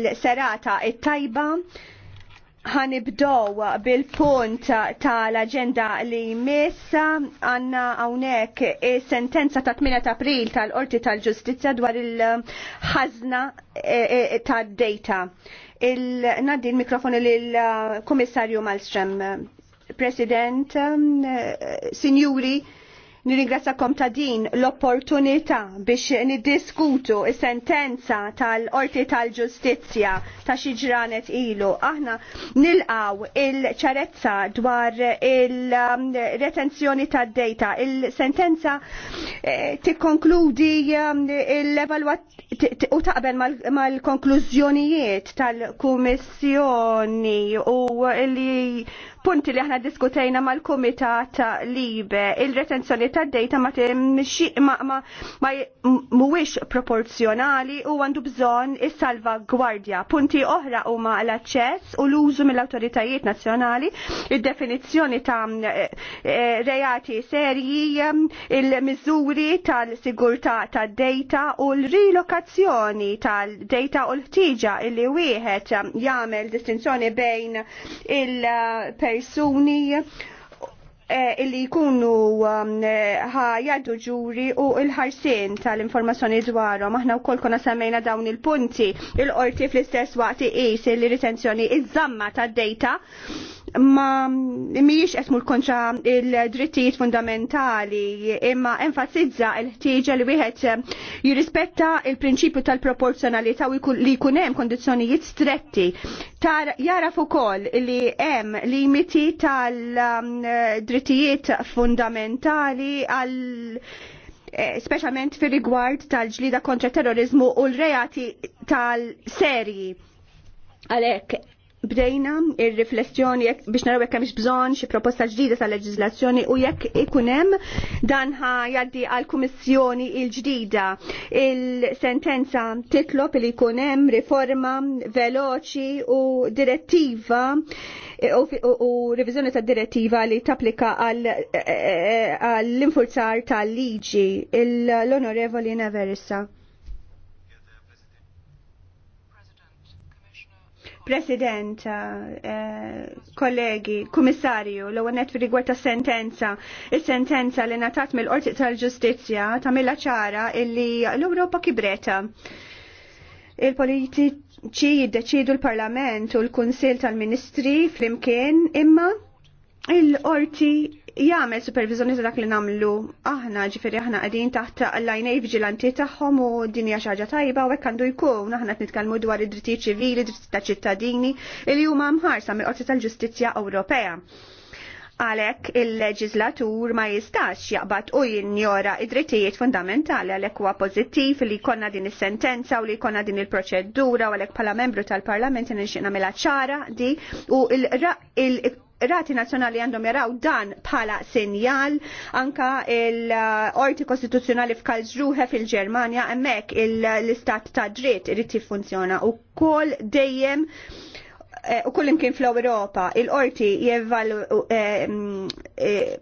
l-serata it-tajba ħanibdow bil-punt tal-agenda li messa għanna għawnek sentenza ta' 8 ta' april tal-Orti tal-Ġustizja dwar il-ħazna e, e, tad-data. Il-naddi il-mikrofonu lill-Komissarju Malstrem, President, Signuri, Nirringrazzakom ta' din l-opportunità biex niddiskutu is-sentenza tal-Qorti tal-Ġustizzja ta' xi ġranet ilu. Aħna nilqaw il-ċarezza dwar il-retenzjoni tad-data. Il-sentenza eh, tikkonkludi eh, l-evalwazzjoni u taqbel mal-konklużjonijiet tal-Kummissjoni u li punti li aħna diskutejna mal komitat Libe, il-retenzjoni ta' data ma mhuwiex proporzjonali u għandu bżonn is-salvagwardja. Punti oħra huma l-aċċess u l-użu mill-awtoritajiet nazzjonali, id-definizzjoni ta' eh, eh, reati serji, il-miżuri tal-sigurtà tad-data u l-rilokazzjoni tal-data u l il li wieħed jagħmel distinzjoni bejn il- persuni eh, illi jkunu um, eh, ħajadu ġuri u il-ħarsin tal-informazzjoni dwarhom. Aħna wkoll konna semmejna dawn il-punti il-qorti fl-istess waqt iqis il-ritenzjoni iż-żamma tad-data ma miex l kontra il-drittijiet fundamentali imma enfasizza il-ħtieġa li wieħed jirrispetta il-prinċipju tal-proporzjonalità u li jkun hemm kondizzjonijiet stretti. Tar jaraf ukoll li hemm limiti tal-drittijiet fundamentali għal eh, specialment fir rigward tal-ġlida kontra terrorizmu u l-reati tal-serji. Għalek, bdejna ir-riflessjoni biex naraw jekk hemmx bżonn xi proposta ġdida tal leġiżlazzjoni u jekk ikun hemm dan jgħaddi għal kummissjoni l-ġdida. Il-sentenza titlob li jkun hemm riforma veloċi u direttiva u riviżjoni tad direttiva li tapplika għall-infurzar tal-liġi l-Onorevoli Neverissa. President, uh, kollegi, kummissarju, l għonet rigward ta' sentenza, il-sentenza li natat mill-Qorti tal-Ġustizja ta' mill ċara illi l-Europa kibreta. Il-politiċi jiddeċidu l-Parlament u l-Kunsil tal-Ministri flimkien imma il-Qorti jgħamil supervizjoni ta' dak li nagħmlu aħna ġifiri aħna għadin taħt għallajnej viġilanti tagħhom u dinja xaġa xi ħaġa tajba u hekk għandu jkun aħna t nitkellmu dwar id-drittijiet ċivili, dritti ta' ċittadini li huma mħarsa mill-Qorti tal-Ġustizzja Ewropea għalek il-leġizlatur ma jistax jaqbad u jinjora id-drittijiet fundamentali għalek huwa pozittiv li konna din is-sentenza u li konna din il-proċedura u għalek pala membru tal-parlament nixina mela ċara di u il rati nazjonali għandhom jaraw dan bħala sinjal anka l-orti kostituzzjonali f'Kalsruhe fil-Ġermanja hemmhekk l-istat ta' dritt irid jiffunzjona kol dejjem eh, u kull imkien fl europa il-qorti jevalu eh, mm, eh,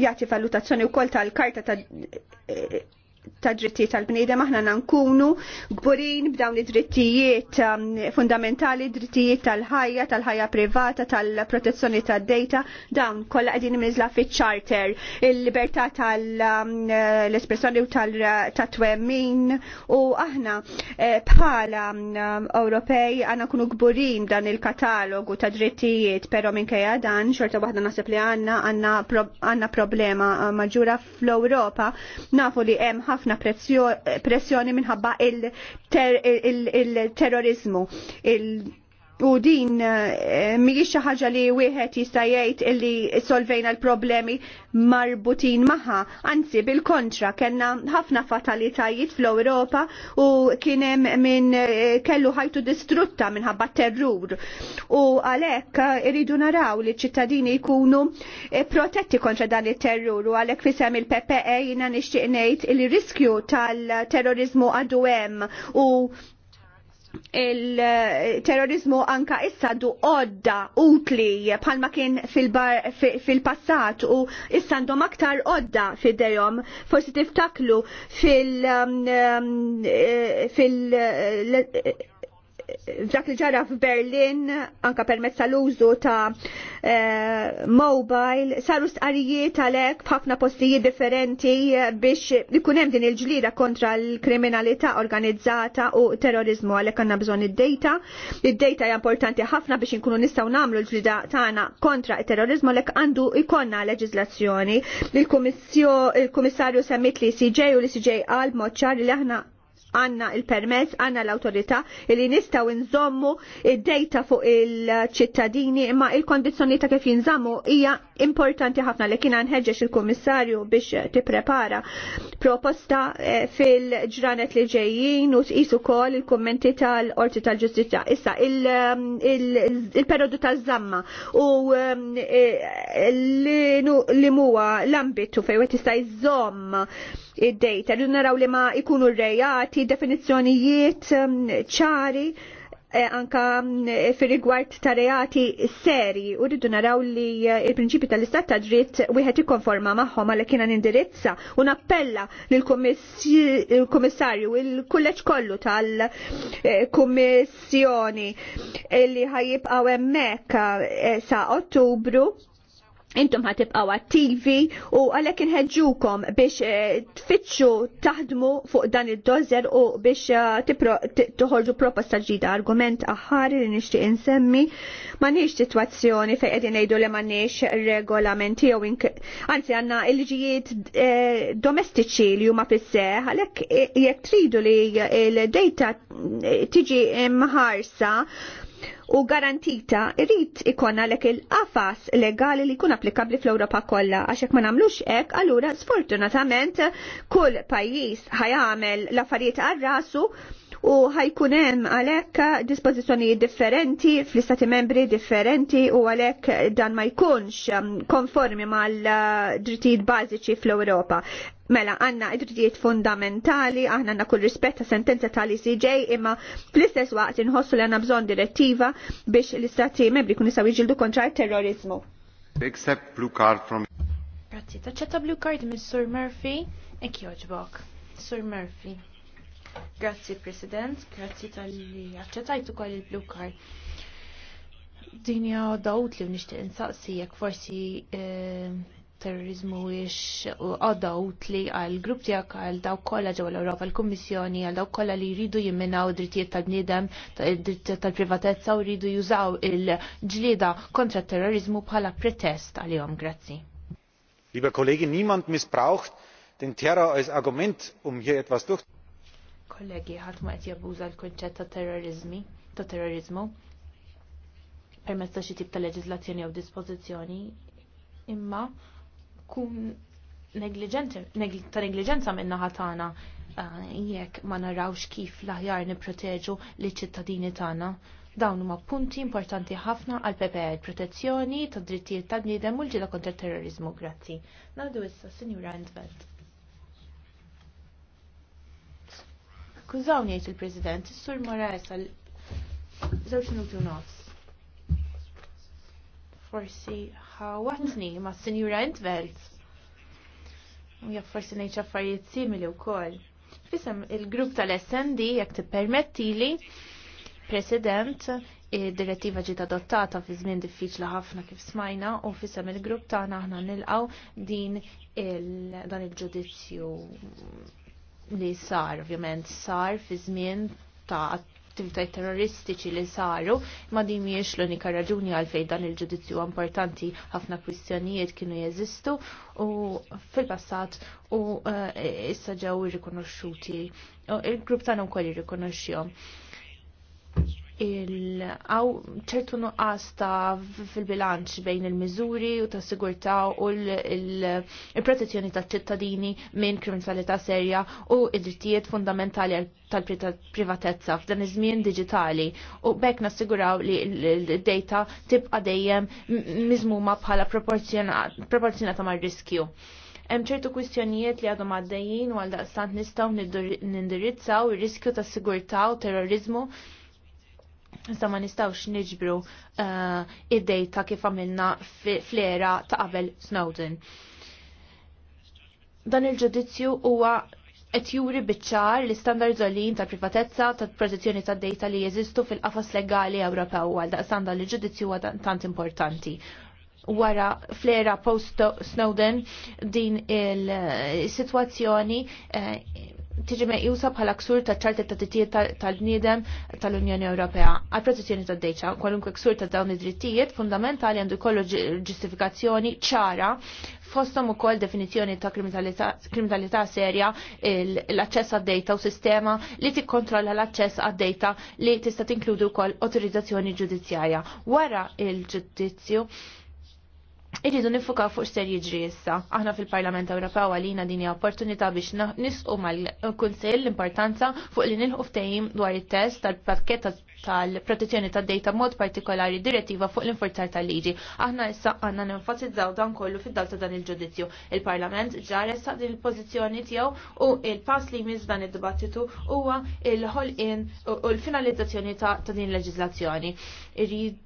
jagħti valutazzjoni wkoll tal-karta ta' ta' drittijiet tal bnidem aħna nankunu gburin b'dawn id-drittijiet um, fundamentali, drittijiet tal-ħajja, tal-ħajja privata, tal-protezzjoni tad-dejta, dawn kollha qegħdin imniżla fiċ-charter, il-libertà tal-espressjoni um, u tal-twemmin u aħna eh, bħala um, Ewropej għandna nkunu gburin dan il-katalogu ta' drittijiet, però minkejja dan xorta waħda naħseb li għandna għandna problema eh, maġura fl-Ewropa nafu li hemm ħafna pressjoni minħabba il-terrorizmu. Il U din eh, mhijiex xi ħaġa li wieħed jista' jgħid illi solvejna l-problemi marbutin magħha, anzi bil-kontra kellna ħafna fatalitajiet fl-Ewropa u kien hemm minn eh, kellu ħajtu distrutta minħabba terrur. U għalhekk iridu naraw li ċittadini jkunu eh, protetti kontra dan it-terrur u għalhekk fisem il-PPE jiena nixtieq ngħid il-riskju tal-terrorizmu għadu hemm u il-terrorizmu anka issa du odda utli palma kien fil-passat u issa għandhom aktar odda fidejhom forsi tiftaklu fil- um, um, eh, fil- eh, dak li ġara f'Berlin anka permezz tal-użu ta' eh, mobile saru stqarijiet għalhekk b'ħafna postijiet differenti biex ikun hemm din il-ġlida kontra l-kriminalità organizzata u terrorizmu għalhekk għandna bżonn id-data. Id-data hija importanti ħafna biex inkunu nistgħu nagħmlu l-ġlida tagħna kontra terrorizmu għalhekk għandu ikonna leġiżlazzjoni. Il-Kummissarju semmit li CJ u li CJ qal mod ċar li aħna għanna il-permess, għanna l-autorita li nistaw nżommu id-dejta fuq il-ċittadini imma il-kondizjoni ta' kif jinżammu hija importanti ħafna li kien nħeġġeġ il-Kummissarju biex tipprepara proposta eh, fil-ġranet li ġejjin u tqis ukoll il-kummenti tal-Qorti tal-Ġustizzja. Issa il-periodu tal żamma u eh, li huwa l-ambitu fejn wieħed jista' jżomm id-dejta, naraw li ma jkunu rejati, definizzjonijiet ehm, ċari. Um, Eh, anka eh, fil-rigward ta' reati seri u rridu naraw li eh, il-prinċipi tal-istat ta' dritt wieħed ikkonforma magħhom għal kien indirizza u nappella lill-kummissarju il-kulleġġ kollu tal-kummissjoni li ħajjibqgħu hemmhekk sa' Ottubru intom tibqaw attivi u għalek nħedġukom biex eh, tfittxu taħdmu fuq dan id-dozer u biex eh, tħolġu proposta ġida Argument aħħar li nixtieq insemmi ma nix situazzjoni fejn qegħdin ngħidu li ma nix regolamenti jew anzi għandna il-ġijiet eh, domestiċi li huma fisse għalek għalhekk jekk tridu li l-data tiġi mħarsa u garantita irrit ikonna lek il-qafas legali li kun applikabli fl-Europa kollha għax ma nagħmlux hekk, allura sfortunatament kull pajjiż ħajamel l-affarijiet għal rasu u ħajkun hemm għalhekk dispożizzjonijiet differenti fl-istati membri differenti u għalhekk dan ma jkunx um, konformi mal-drittijiet uh, bażiċi fl-Ewropa. Mela, għanna id-drittijiet fundamentali, għanna għanna kull rispet ta' sentenza tal-ICJ, imma fl-istess waqt inħossu li għanna bżon direttiva biex l-istati membri kun jisaw iġildu kontra terrorizmu. Except blue card from... Grazzi, taċċetta blue card minn Sur Murphy, e kjoġbok. Sur Murphy. Grazzi, President, grazzi tal-li għacċetajtu kol il-blue card dinja dawt li nishtiq insaqsi forsi eh, terrorizmu ix għodda utli għal grupp tijak għal daw kolla ġewa l-Europa l-Kommissjoni għal daw kolla li jridu jimminaw drittijiet tal-bnidem, drittijiet tal-privatezza u jridu jużaw il-ġlida kontra terrorizmu bħala pretest għalihom. Grazzi. Lieber kollegi niemand missbraucht den Terror als Argument, um hier etwas durch. Kollegi, ħadd ma qed jabbuża l-konċett ta' terrorizmi, ta' terrorizmu permezz ta' xi tip ta' leġiżlazzjoni jew dispożizzjoni imma tkun ta' negliġenza minna ħatana jekk ma narawx kif l-aħjar niproteġu li ċittadini tagħna. Dawn huma punti importanti ħafna għal PPE protezzjoni ta' drittijiet ta' bniedem u l-ġila kontra terrorizmu. Grazzi. Nadu issa, Sinjur Randveld. Kużawni jgħid il-President, is-Sur Moraes għal żewġ minuti u nofs. Forsi Watni, ma' Sinjura Entvelt. U jaffarsi nejċ affarijiet simili u koll. Fisem il-grupp tal-SND jek t-permetti li President, id-direttiva ġiet adottata fi żmien diffiċli ħafna kif smajna u fisem il-grupp tagħna aħna nilqgħu din il dan il-ġudizzju li sar, ovvjament sar fi żmien ta' attivitaj terroristiċi li saru, ma din mhijiex l-unika raġuni għalfejn dan il-ġudizzju importanti ħafna kwistjonijiet kienu jeżistu u fil-passat u eh, issa ġew irrikonoxxuti. Il-grupp tagħna wkoll irrikonoxxihom għaw ċertu nuqqas ta' fil-bilanċ bejn il-miżuri u ta' sigurtà u l-protezzjoni ta' ċittadini minn kriminalità serja u id-drittijiet fundamentali tal-privatezza f'dan iż-żmien digitali u bekk nassiguraw li l-data tibqa' dejjem miżmuma bħala proporzjonata mar-riskju hemm ċertu kwistjonijiet li għadhom għaddejjin u għal daqstant nistgħu nindirizzaw ir-riskju tas-sigurtà u terrorizmu Iżda ma nistawx niġbru uh, id-dejta kif għamilna fl-era ta' qabel Snowden. Dan il-ġudizzju huwa qed juri biċċar l-istandard żolin ta' privatezza ta' protezzjoni ta' data li jeżistu fil-qafas legali Ewropew għal daqstan dan il-ġudizzju huwa tant importanti. Wara flera post Snowden din il-sitwazzjoni eh, uh, eh, tiġi meqjusa bħala ksur ta' ċarta ta' tittijiet tal-bniedem tal-Unjoni Ewropea għal protezzjoni ta' deċa, kwalunkwe ksur ta' dawn id-drittijiet fundamentali għandu jkollu ġustifikazzjoni ċara fostom ukoll definizzjoni ta' kriminalità serja l-aċċess għad dejta u sistema li tikkontrolla l-aċċess għad dejta li tista' tinkludi wkoll autorizzazzjoni ġudizzjarja. Wara il-ġudizzju Irridu nifuka fuq xser jiġri issa. Aħna fil-Parlament Ewropew għalina dini opportunità biex nisqu mal-Kunsill l-importanza fuq li nilħu ftehim dwar it-test tal-pakket tal-protezzjoni tad-dejta mod partikolari direttiva fuq l-infurzar tal-liġi. Aħna issa għandna nenfasizzaw dan kollu fid dalta dan il-ġudizzju. Il-Parlament ġar issa din il-pożizzjoni tiegħu u il-pass li jmiss dan id-dibattitu huwa il-ħolqien u l-finalizzazzjoni ta' din il-leġiżlazzjoni. Irrid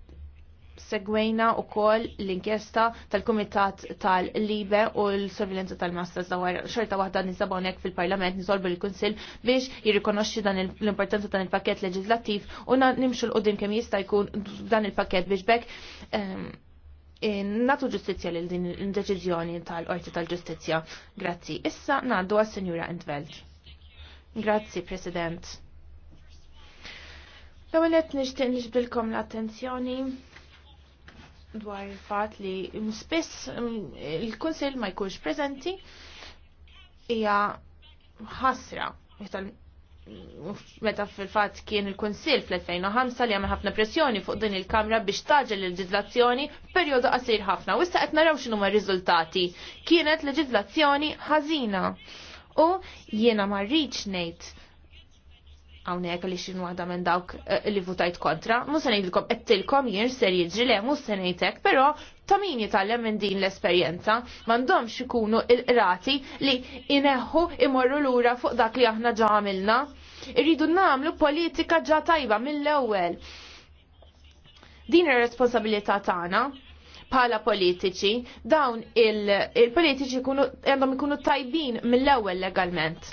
segwejna u kol l-inkjesta tal-Komitat tal-Libe u l-Sorvilenza tal-Masters dawar xorta wahda nizabonek fil-Parlament nisolbu l-Kunsil biex jirrikonoxxi dan l-importanza dan il-pakket leġislattiv u nimxu l-qudiem kemm jista' jkun dan il-pakket biex bek ehm, natu ġustizja lil din il-deċiżjoni tal-Qorti tal-Ġustizja. Grazzi. Issa ngħaddu għas-Sinjura Entvelġ. Grazzi, President. L-ewwel qed nixtieq nixbilkom l-attenzjoni dwar il-fat li spiss mm, il-Kunsil ma jkunx prezenti hija ħasra meta fil-fat kien il-Kunsil fl-2005 li għamil ħafna pressjoni fuq din il-Kamra biex taġġel il-leġizlazzjoni perjodu qasir ħafna. U issa qed naraw x'inhu r-riżultati. Kienet leġizlazzjoni ħażina. U jiena ma rridx ngħid għawnek li xin wahda minn dawk eh, li votajt kontra, musa nejdilkom ettilkom jien ser jidġrile, musa nejtek, pero ta' min jitallem minn din l-esperienza, mandom xikunu il-rati li ineħu imorru l-ura fuq dak li aħna ġamilna. Irridu namlu politika ġa tajba mill-ewel. Din ir-responsabilità tagħna bħala politiċi, dawn il-politiċi għandhom ikunu tajbin mill-ewel legalment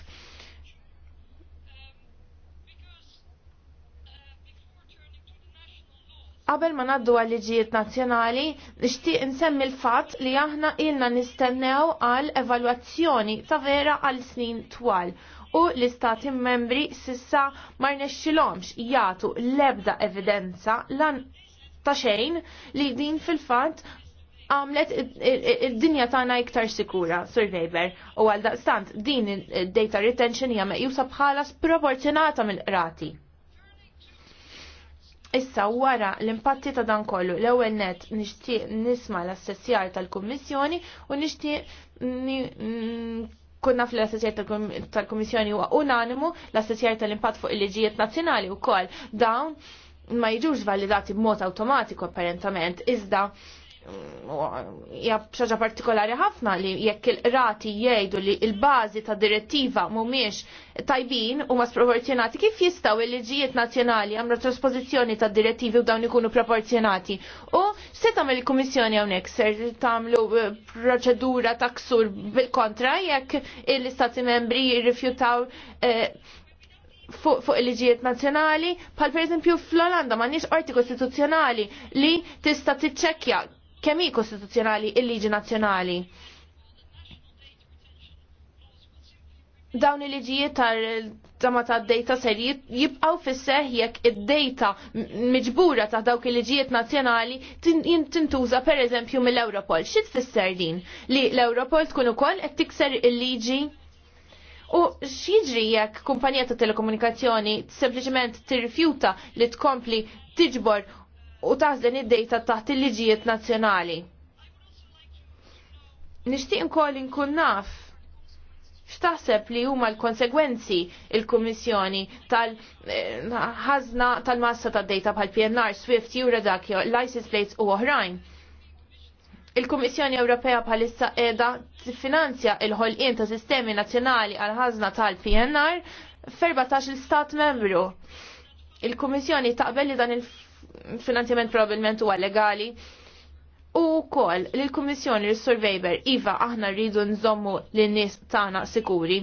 Qabel ma naddu għal liġijiet nazzjonali, nixtieq insemmi l-fatt li aħna ilna nistennew għal evalwazzjoni ta' vera għal snin twal u l-istati membri sissa ma rnexxilhomx jagħtu l-ebda evidenza lan ta' xejn li din fil-fatt għamlet id-dinja tagħna iktar sikura, Sir Weber, u għal daqstant din id-data retention hija meqjusa bħala sproporzjonata mill-qrati. Issa wara l-impatti ta' dan kollu l-ewwel net nixtieq nisma l-assessjar tal-Kummissjoni u nixtieq mm, kunna fl-assessjar tal-Kummissjoni huwa unanimu l-assessjar tal-impatt fuq il-liġijiet nazzjonali wkoll dawn ma jiġux validati b'mod awtomatiku apparentament iżda hija xaġa partikolari ħafna li jekk il-rati jgħidu li il-bażi ta' direttiva mhumiex tajbin u ma sproporzjonati kif jistgħu il-liġijiet nazzjonali għamlu trasposizzjoni ta' direttivi u dawn ikunu proporzjonati. U se tagħmel il-Kummissjoni hawnhekk ser tagħmlu eh, proċedura ta' ksur bil-kontra jekk l-Istati membri jirrifjutaw eh, fuq il-liġijiet nazzjonali, pal per eżempju fl-Olanda ma nix qorti kostituzzjonali li tista' tiċċekkja kemm hi kostituzzjonali il-liġi nazzjonali. Dawn il-liġijiet tal tama ta' data ser jibqaw fisseħ jekk id-data miġbura ta' dawk il-liġijiet nazzjonali tintuża per eżempju mill-Europol. Xit tfisser din? Li l-Europol tkun ukoll qed tikser il-liġi U xieġri jekk kumpanija ta' telekomunikazzjoni sempliċement tirrifjuta li tkompli tiġbor u taħżen id-dejta taħt il-liġijiet nazzjonali. Nixtieq inkoll inkun naf x'taħseb li huma l-konsegwenzi il-Kummissjoni tal-ħażna tal-massa tad-dejta bħal PNR, Swift, Eurodac, License Plates u oħrajn. Il-Kummissjoni Ewropea bħalissa qiegħda tiffinanzja il-ħolqien ta' sistemi nazzjonali għal ħażna tal-PNR f'14 il stat membru. Il-Kummissjoni taqbel li dan il finanzjament probabilment huwa legali. U kol li l-Kummissjoni l survejber iva aħna rridu nżommu l-nies tagħna sikuri.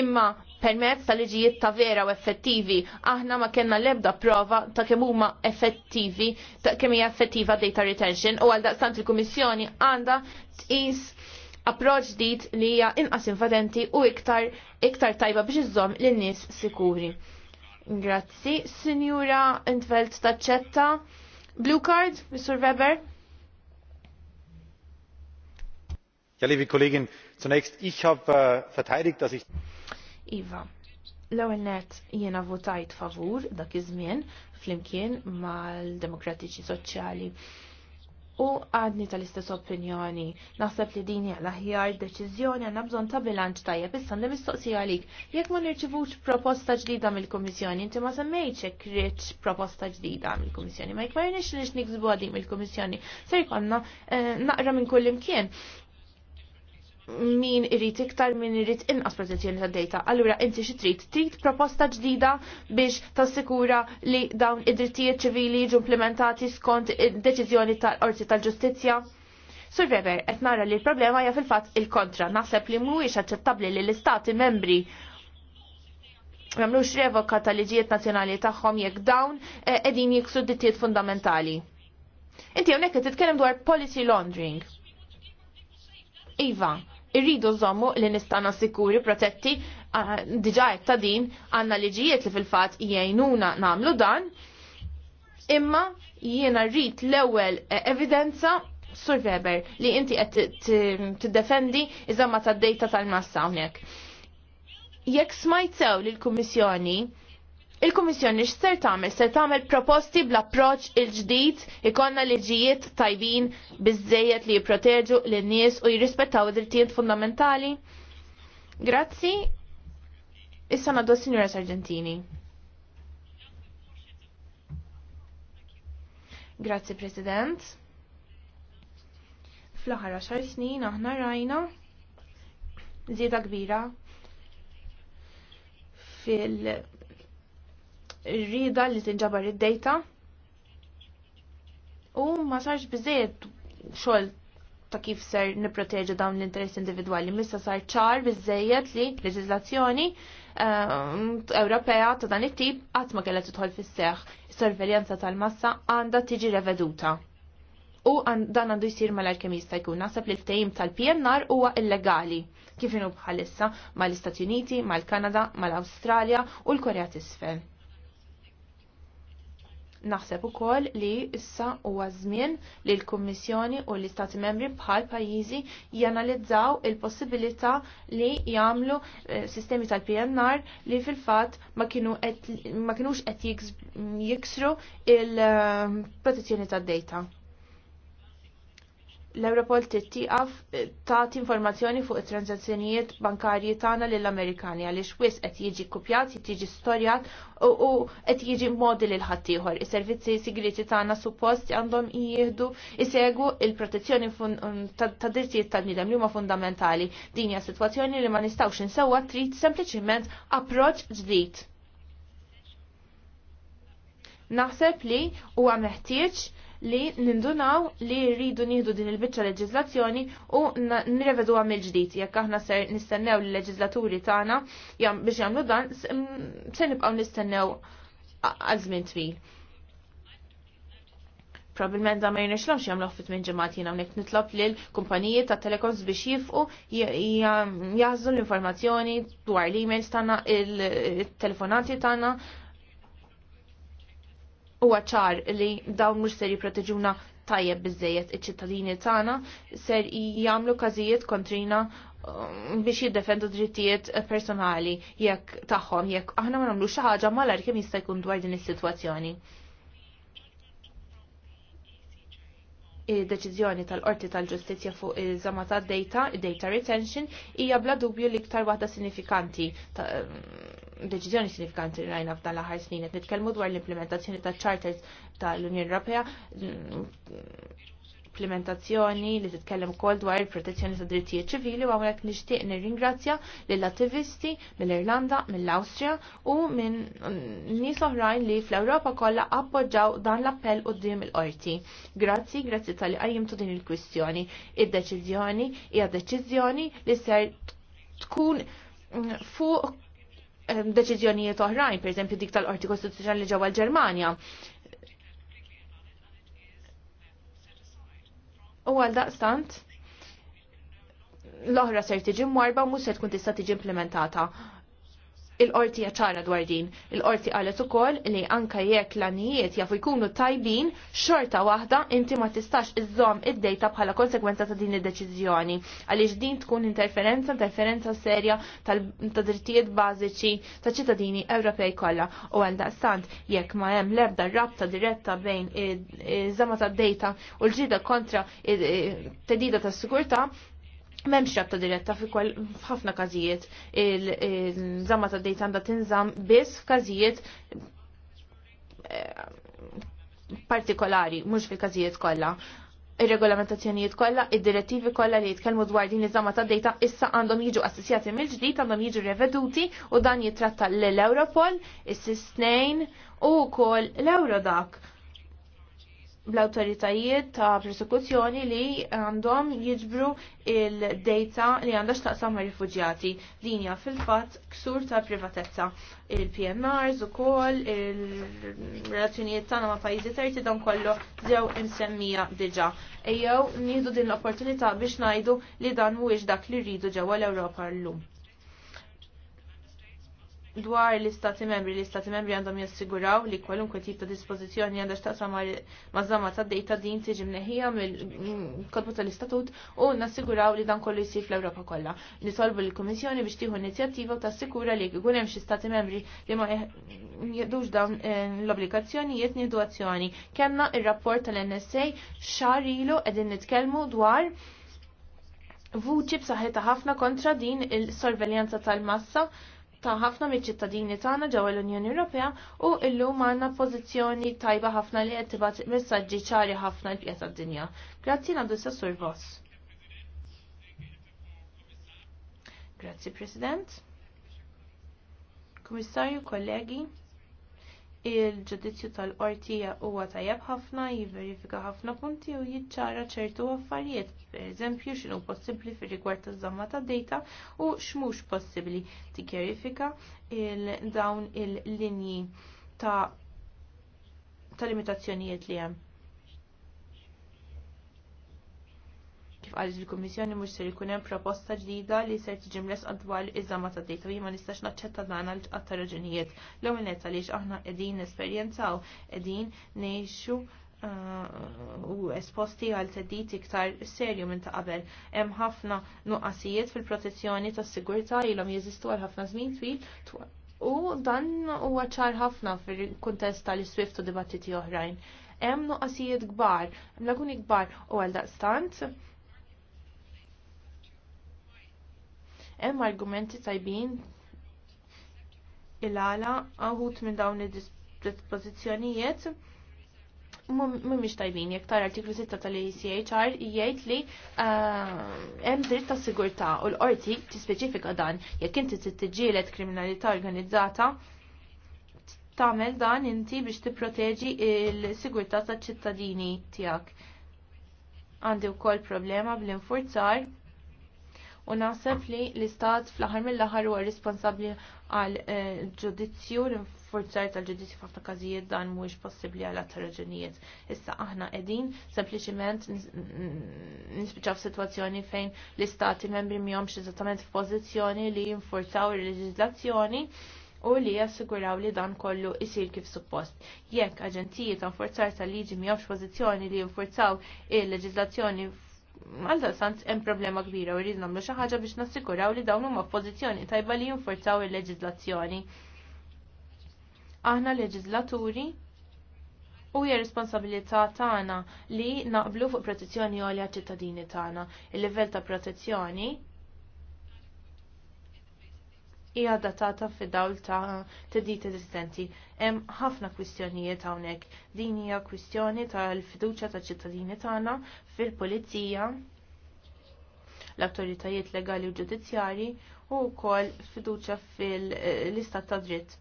Imma permezz ta' liġijiet ta' vera u effettivi, aħna ma kena lebda prova ta' kemm huma effettivi, ta' kemm hija effettiva data retention u għal daqstant il-Kummissjoni għandha tqis approach dit li hija inqas invadenti u iktar iktar tajba biex iżomm lin-nies sikuri. Grazzi. Signora Intveld taċċetta. Blue card, Mr. Weber. Ja, liebe Kollegin, zunächst ich habe uh, äh, verteidigt, dass ich Iva, l-ewwel net jiena votajt favur dak iż flimkien mal-Demokratiċi Soċjali u għadni tal-istess opinjoni. Naħseb li dini għal aħjar deċiżjoni għandna bżonn ta' bilanċ tajjeb issa għandi mistoqsija għalik. Jekk ma nirċivux proposta ġdida mill-Kummissjoni, inti ma semmejx hekk proposta ġdida mill komissjoni ma jkwerniex li xnik zbuħadim mill-Kummissjoni. Ser jkollna eh, naqra minn kullim kien min irrit iktar min irrit inqas protezzjoni tad data. Allura inti xi trid trid proposta ġdida biex tassikura li dawn id-drittijiet ċivili jiġu implementati skont deċiżjoni tal-Qorti tal-Ġustizzja. Sur Weber, qed nara li l-problema hija fil-fatt il-kontra. Naħseb li mhuwiex aċċettabbli li l-istati membri jagħmlux revoka tal-liġijiet nazzjonali tagħhom jekk dawn eh, qegħdin jiksu d-dittijiet fundamentali. Inti hawnhekk qed titkellem dwar policy laundering. Iva, irridu zommu li nistana sikuri protetti diġa ta' din għandna liġijiet li fil-fatt jajnuna nagħmlu dan. Imma jiena rrid l-ewwel e, evidenza Sur Weber li inti qed tiddefendi iżamma ma tad-dejta tal-massa hawnhekk. Jekk smajt sew lill-Kummissjoni Il-Kummissjoni x'ser tagħmel? Ser tagħmel proposti bl-approċċ il-ġdid ikonna liġijiet tajbin biżejjed li jipproteġu lin-nies u jirrispettaw id-drittijiet fundamentali? Grazzi. Issa s-Sinjora Sargentini. Grazzi President. Fl-aħħar xar snin aħna rajna zieda kbira fil- rrida li tinġabar id-data u ma sarx biżejjed xogħol ta' kif ser niproteġi dawn l-interess individwali. Missa sar ċar biżejjed li leġiżlazzjoni ehm, Ewropea ta' dan it-tip qatt ma kellha tidħol fis-seħħ. Is-sorveljanza tal-massa għandha tiġi reveduta. U dan għandu jisir mal-arkem jista' jkun naħseb li l-ftehim tal-PNR huwa illegali kif inhu bħalissa mal-Istati Uniti, mal-Kanada, mal-Awstralja u l-Korea t'isfel. Naħseb ukoll li issa huwa żmien li l-Kummissjoni u l-Istati Membri bħal pajjiżi janalizzaw il-possibilità li jagħmlu eh, sistemi tal-PNR li fil-fatt ma kinux qed jiksru il-protezzjoni eh, tad-data l-Europol tittiqaf eh, tagħti informazzjoni fuq it-transazzjonijiet bankarji tagħna lill-Amerikani għaliex wis qed jiġi kopjat, qed jiġi storjat u qed jiġi modi lil ħaddieħor. Is-servizzi sigriti tagħna suppost għandhom jieħdu isegwu il-protezzjoni ta' drittijiet tal-nidem li huma fundamentali. Din hija sitwazzjoni li ma nistgħux insewwa trid sempliċiment approċċ ġdid. Naħseb li huwa meħtieġ li nindunaw li rridu nieħdu din il-biċċa leġiżlazzjoni u nirrevedu għam il-ġdid. Jekk aħna ser nistennew l-leġiżlaturi tagħna biex jagħmlu dan, se nibqgħu nistennew għal żmien twil. Probabilment da ma lomx jam fit minn ġimgħat jiena hawnhekk nitlob l kumpaniji ta' telekons biex jifqu jaħżu l-informazzjoni dwar l-emails tagħna, il-telefonati tagħna huwa ċar li dawn mhux ser jipproteġuna tajjeb bizzejet iċ-ċittadini tagħna ser jagħmlu każijiet kontrina um, biex jiddefendu drittijiet personali jekk tagħhom jekk aħna ma nagħmlux xi ħaġa malar kemm jista' jkun dwar din is-sitwazzjoni. deċiżjoni tal-Qorti tal-Ġustizzja fuq iż-żama ta' data, data retention, hija bla dubju l-iktar waħda sinifikanti mm, deċiżjoni sinifikanti li rajna f'dan l-aħħar snin qed nitkellmu dwar l-implementazzjoni tal-Charters tal-Unjoni Ewropea mm, implementazzjoni li titkellem ukoll dwar il-protezzjoni ta' drittijiet ċivili u hawnhekk nixtieq nirringrazzja lill attivisti mill-Irlanda, mill-Awstrija u minn nies oħrajn li fl-Ewropa kollha appoġġaw dan l-appell quddiem il-qorti. Grazzi, grazzi tal-li qajjimtu din il-kwistjoni. Id-deċiżjoni hija deċiżjoni li ser tkun fuq deċiżjonijiet oħrajn, per dik tal-Qorti Kostituzzjonali ġewwa l-Ġermanja. U għal daqstant, l-oħra ser tiġi mwarba mhux se tkun tista' tiġi implementata. Il-qorti ċara dwar din. Il-qorti qalet ukoll li anka jekk l-anijiet jafu jkunu tajbin xorta waħda inti ma tistax iżżomm id-dejta bħala konsekwenza ta' din id-deċiżjoni. Għaliex din tkun interferenza, interferenza serja tal drittijiet bażiċi ta' ċittadini Ewropej kollha. U għal jekk ma hemm l-ebda rabta diretta bejn iż-żama tad-dejta u l-ġida kontra tedida tas-sigurtà Memx rabta diretta fi kwal f'ħafna każijiet il-żamma ta' dejta għandha tinżamm biss f'każijiet eh, partikolari, mhux fil-każijiet kollha. Ir-regolamentazzjonijiet kollha, id-direttivi kollha li jitkellmu dwar din iż-żamma ta' dejta issa għandhom jiġu assessjati mill-ġdid, għandhom jiġu reveduti u dan jitratta l-Europol, is-Sistnejn u wkoll l-Eurodac l-autoritajiet ta' persekuzzjoni li għandhom jiġbru il-data li għandha x'taqsam ma' rifugjati. hija fil-fatt ksur ta' privatezza. Il-PNRs ukoll il-relazzjonijiet tagħna ma' pajjiżi terzi dan kollu żew insemmija diġà. Ejjew nieħdu din l-opportunità biex ngħidu li dan mhuwiex dak li rridu ġewwa l-Ewropa llum dwar l-istati membri, l-istati membri għandhom jassiguraw li kwalunkwe tip ta' dispożizzjoni għandha x'taqsam ma' żamma ta' dejta din tiġi mneħija mill-kodbu tal-istatut u nassiguraw li dan kollu jsir fl europa kollha. Nisolbu l-Kummissjoni biex tieħu inizjattiva u tassikura li jkun hemm xi stati membri li ma jeħdux dawn eh, l-obbligazzjonijiet nieħdu azzjoni. Kemna ir-rapport tal-NSA xar ilu qegħdin nitkellmu dwar vuċi b'saħħitha ħafna kontra din il-sorveljanza tal-massa ta' ħafna mill-ċittadini tagħna ġewwa l-Unjoni Ewropea u llum għandna pożizzjoni tajba ħafna li qed tibgħat messaġġi ċari ħafna l pjeta d dinja Grazzi għandu s Sur Voss. Grazzi President. Komissarju, kollegi il-ġudizzju tal-qortija huwa tajjeb ħafna, jiverifika ħafna punti u jiċċara ċertu affarijiet, pereżempju x'inhu possibbli fir rigward taż-żamma ta' data u x'mhux possibbli. Tikkjerifika il dawn il-linji ta' ta' limitazzjonijiet li hemm. Kif qalet il-Kummissjoni mhux ser ikun hemm proposta ġdida li ser tiġi mresqa dwar iż-żama ta' dejta jien ma nistax naċċetta dan għal qatta raġunijiet. L-ewwel nett għaliex aħna qegħdin nesperjenzaw qegħdin ngħixu uh, u esposti għal teddit iktar serju minn ta' qabel. Hemm ħafna nuqqasijiet fil-protezzjoni tas-sigurtà ilhom jeżistu għal ħafna żmien twil u dan huwa ċar ħafna fil-kuntest tal-Swift u dibattiti oħrajn. Hemm nuqqasijiet kbar, hemm laguni kbar u għal daqstant Hemm argumenti tajbin il-għala għahut minn dawn id-dispozizjonijiet mhumiex tajbin jekk tara artiklu 6 tal-ECHR jgħid li uh, hemm dritt ta' sigurtà u l-qorti tispeċifika dan jekk inti tittiġielet kriminalità organizzata tagħmel dan inti biex tipproteġi l-sigurtà taċ-ċittadini tiegħek. Għandi wkoll problema bl-infurzar u naħseb li l-istat fl-aħħar mill-aħħar huwa responsabbli għal eh, ġudizzju l-infurzar tal-ġudizzju f'ħafna każijiet dan mhuwiex possibbli għal ta' raġunijiet. Issa aħna qegħdin sempliċiment nispiċċaw f'sitwazzjoni fejn l-istati membri mihomx eżattament f'pożizzjoni li jinfurzaw il-leġiżlazzjoni u li jassiguraw li dan kollu isir kif suppost. Jekk aġentijiet ta' forzar tal-liġi mihomx pożizzjoni li jinfurzaw il leġizlazzjoni għalda sant hemm problema kbira u rrid nagħmlu xi ħaġa biex nassikuraw li dawn huma f'pożizzjoni tajba li jinforzaw il-leġiżlazzjoni. Aħna leġiżlaturi u hija responsabilità tagħna li naqblu fuq protezzjoni għolja ċittadini tagħna. Il-livell ta' protezzjoni hija datata fid-dawl ta' tedit eżistenti. Hemm ħafna kwistjonijiet hawnhekk. Din hija kwistjoni tal-fiduċja taċ-ċittadini tagħna fil-pulizija, l-awtoritajiet legali u ġudizzjarji u wkoll fiduċja fil-istat ta' dritt.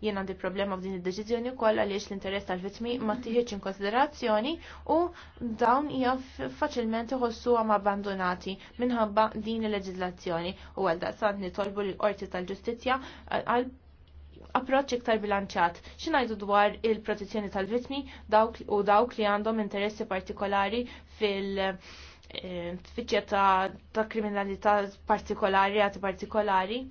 Jien għandi problema f'din id-deċiżjoni wkoll għaliex l-interess tal-vittmi ma tieħiġ in konsiderazzjoni u dawn hija faċilment iħossuhom abbandonati minħabba din il-leġiżlazzjoni u għal daqsant nitolbu l-Qorti tal-Ġustizzja għal approċċ iktar bilanċat. X'ingħidu dwar il-protezzjoni tal-vittmi u dawk li għandhom interessi partikolari fil- tfittxija eh, ta' kriminalità partikolari, għati partikolari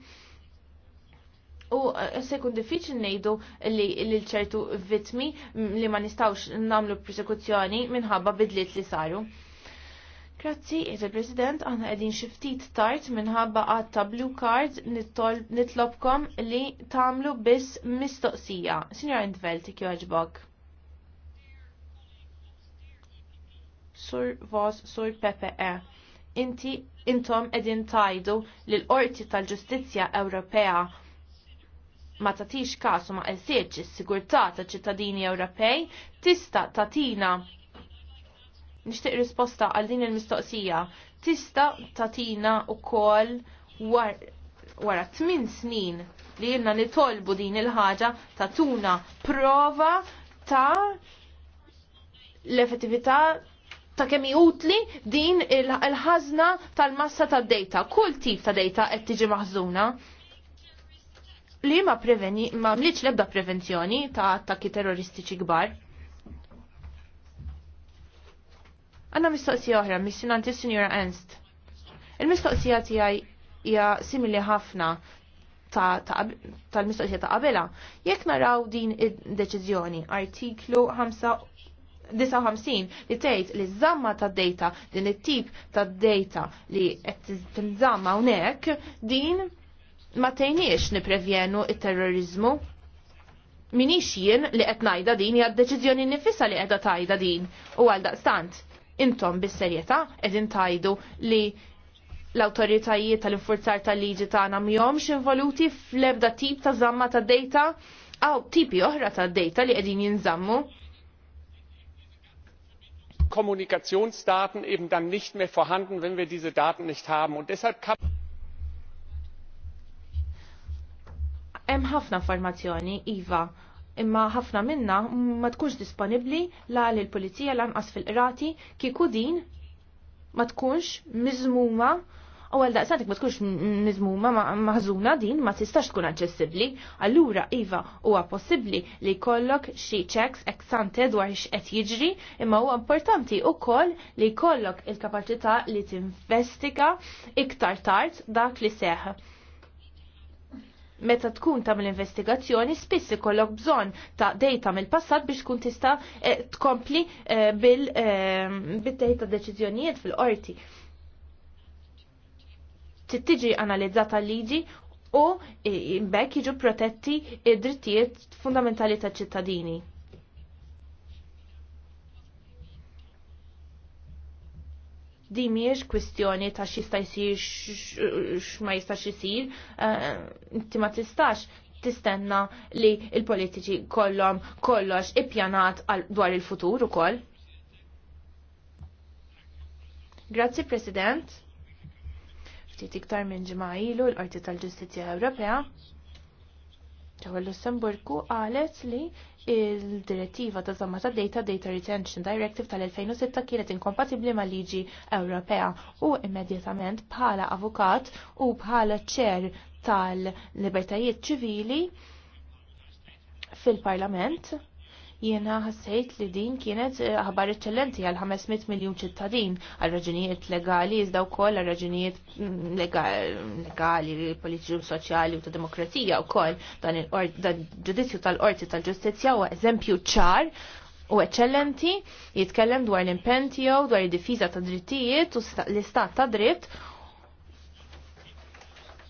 u eh, se jkun diffiċli ngħidu li ċertu vittmi mm, li ma nistgħux nagħmlu persekuzzjoni minħabba bidliet li saru. Grazzi, Sir President, aħna qegħdin xi ftit tard minħabba għatta ta' blue card nitlobkom li tagħmlu biss mistoqsija. Indvelt, Endvelt, jogħġbok. Sur Vos, Sur PPE inti intom edin tajdu l qorti tal-ġustizja Ewropea ma tatix kasu ma qelsitx is-sigurtà ta' ċittadini Ewropej tista' tatina nixtieq risposta għal din il-mistoqsija. Tista' tatina ukoll wara tmien snin li jilna nitolbu din il-ħaġa tatuna prova ta' l-effettività ta' kemm utli din il-ħażna tal-massa tad-data. Kull tip ta' data qed tiġi maħżuna li ma preveni, ma mliċ lebda prevenzjoni ta' attakki terroristiċi gbar. Għanna mistoqsija oħra, mis-sinanti Signora Ernst. Il-mistoqsija tijaj hija simili ħafna tal-mistoqsija ta' qabela. Jekk naraw din id-deċiżjoni, artiklu 59 li tgħid li żamma ta' data din it-tip ta' data li qed tinżamma hawnhekk din ma tejniex niprevjenu il-terrorizmu. Minix jien li qed ngħidha din hija deċiżjoni nifisha li qiegħda tajda din u għal daqstant intom bis-serjetà qegħdin tajdu li l-awtoritajiet tal-infurzar tal-liġi tagħna mhomx involuti fl-ebda tip ta' żamma ta' data għaw tipi oħra ta' data li qegħdin jinżammu. Kommunikationsdaten eben dann nicht mehr vorhanden, wenn wir diese Daten nicht haben. Und deshalb kann Hemm ħafna informazzjoni iva imma ħafna minna ma tkunx disponibbli la l-pulizija lanqas fil-qrati kieku din ma tkunx miżmuma u għal daqsatik ma tkunx miżmuma maħżuna din ma tistax tkun aċċessibbli, allura iva huwa possibbli li jkollok xi checks ex ante dwar x'qed jiġri, imma huwa importanti wkoll li jkollok il-kapaċità li tinvestiga iktar tard dak li seħ meta tkun tam l-investigazzjoni spiss ikollok bżonn ta' data mill-passat biex tkun tista' eh, tkompli eh, bil eh, bittejta deċiżjonijiet fil-qorti. Tittiġi analizzata liġi u bekk jiġu protetti id-drittijiet fundamentali taċ ċittadini. Di miex kwestjoni ta' xista jisir x'ma jistax jisir, eh, inti ma tistax tistenna li il-politiċi kollom kollox ippjanat dwar il-futur ukoll. Grazzi President. Ftit iktar minn ġimgħa ilu l-Qorti tal-Ġustizzja Ewropea ġewwa Lussemburgu qalet li il-direttiva ta' zamma ta' Data Data Retention Directive tal-2006 kienet inkompatibbli ma' liġi Ewropea u immedjatament bħala avukat u bħala ċer tal-libertajiet ċivili fil-parlament Jiena ħassejt li din kienet eh, aħbar eċċellenti għal 500 miljun ċittadin għal raġunijiet legali iżda wkoll għal raġunijiet mm, legali, politiċi u soċjali u ta' demokrazija wkoll dan il-ġudizzju tal-qorti tal-ġustizzja huwa eżempju ċar u eċċellenti jitkellem dwar l-impen dwar id-difiża ta' drittijiet u l-istat ta' dritt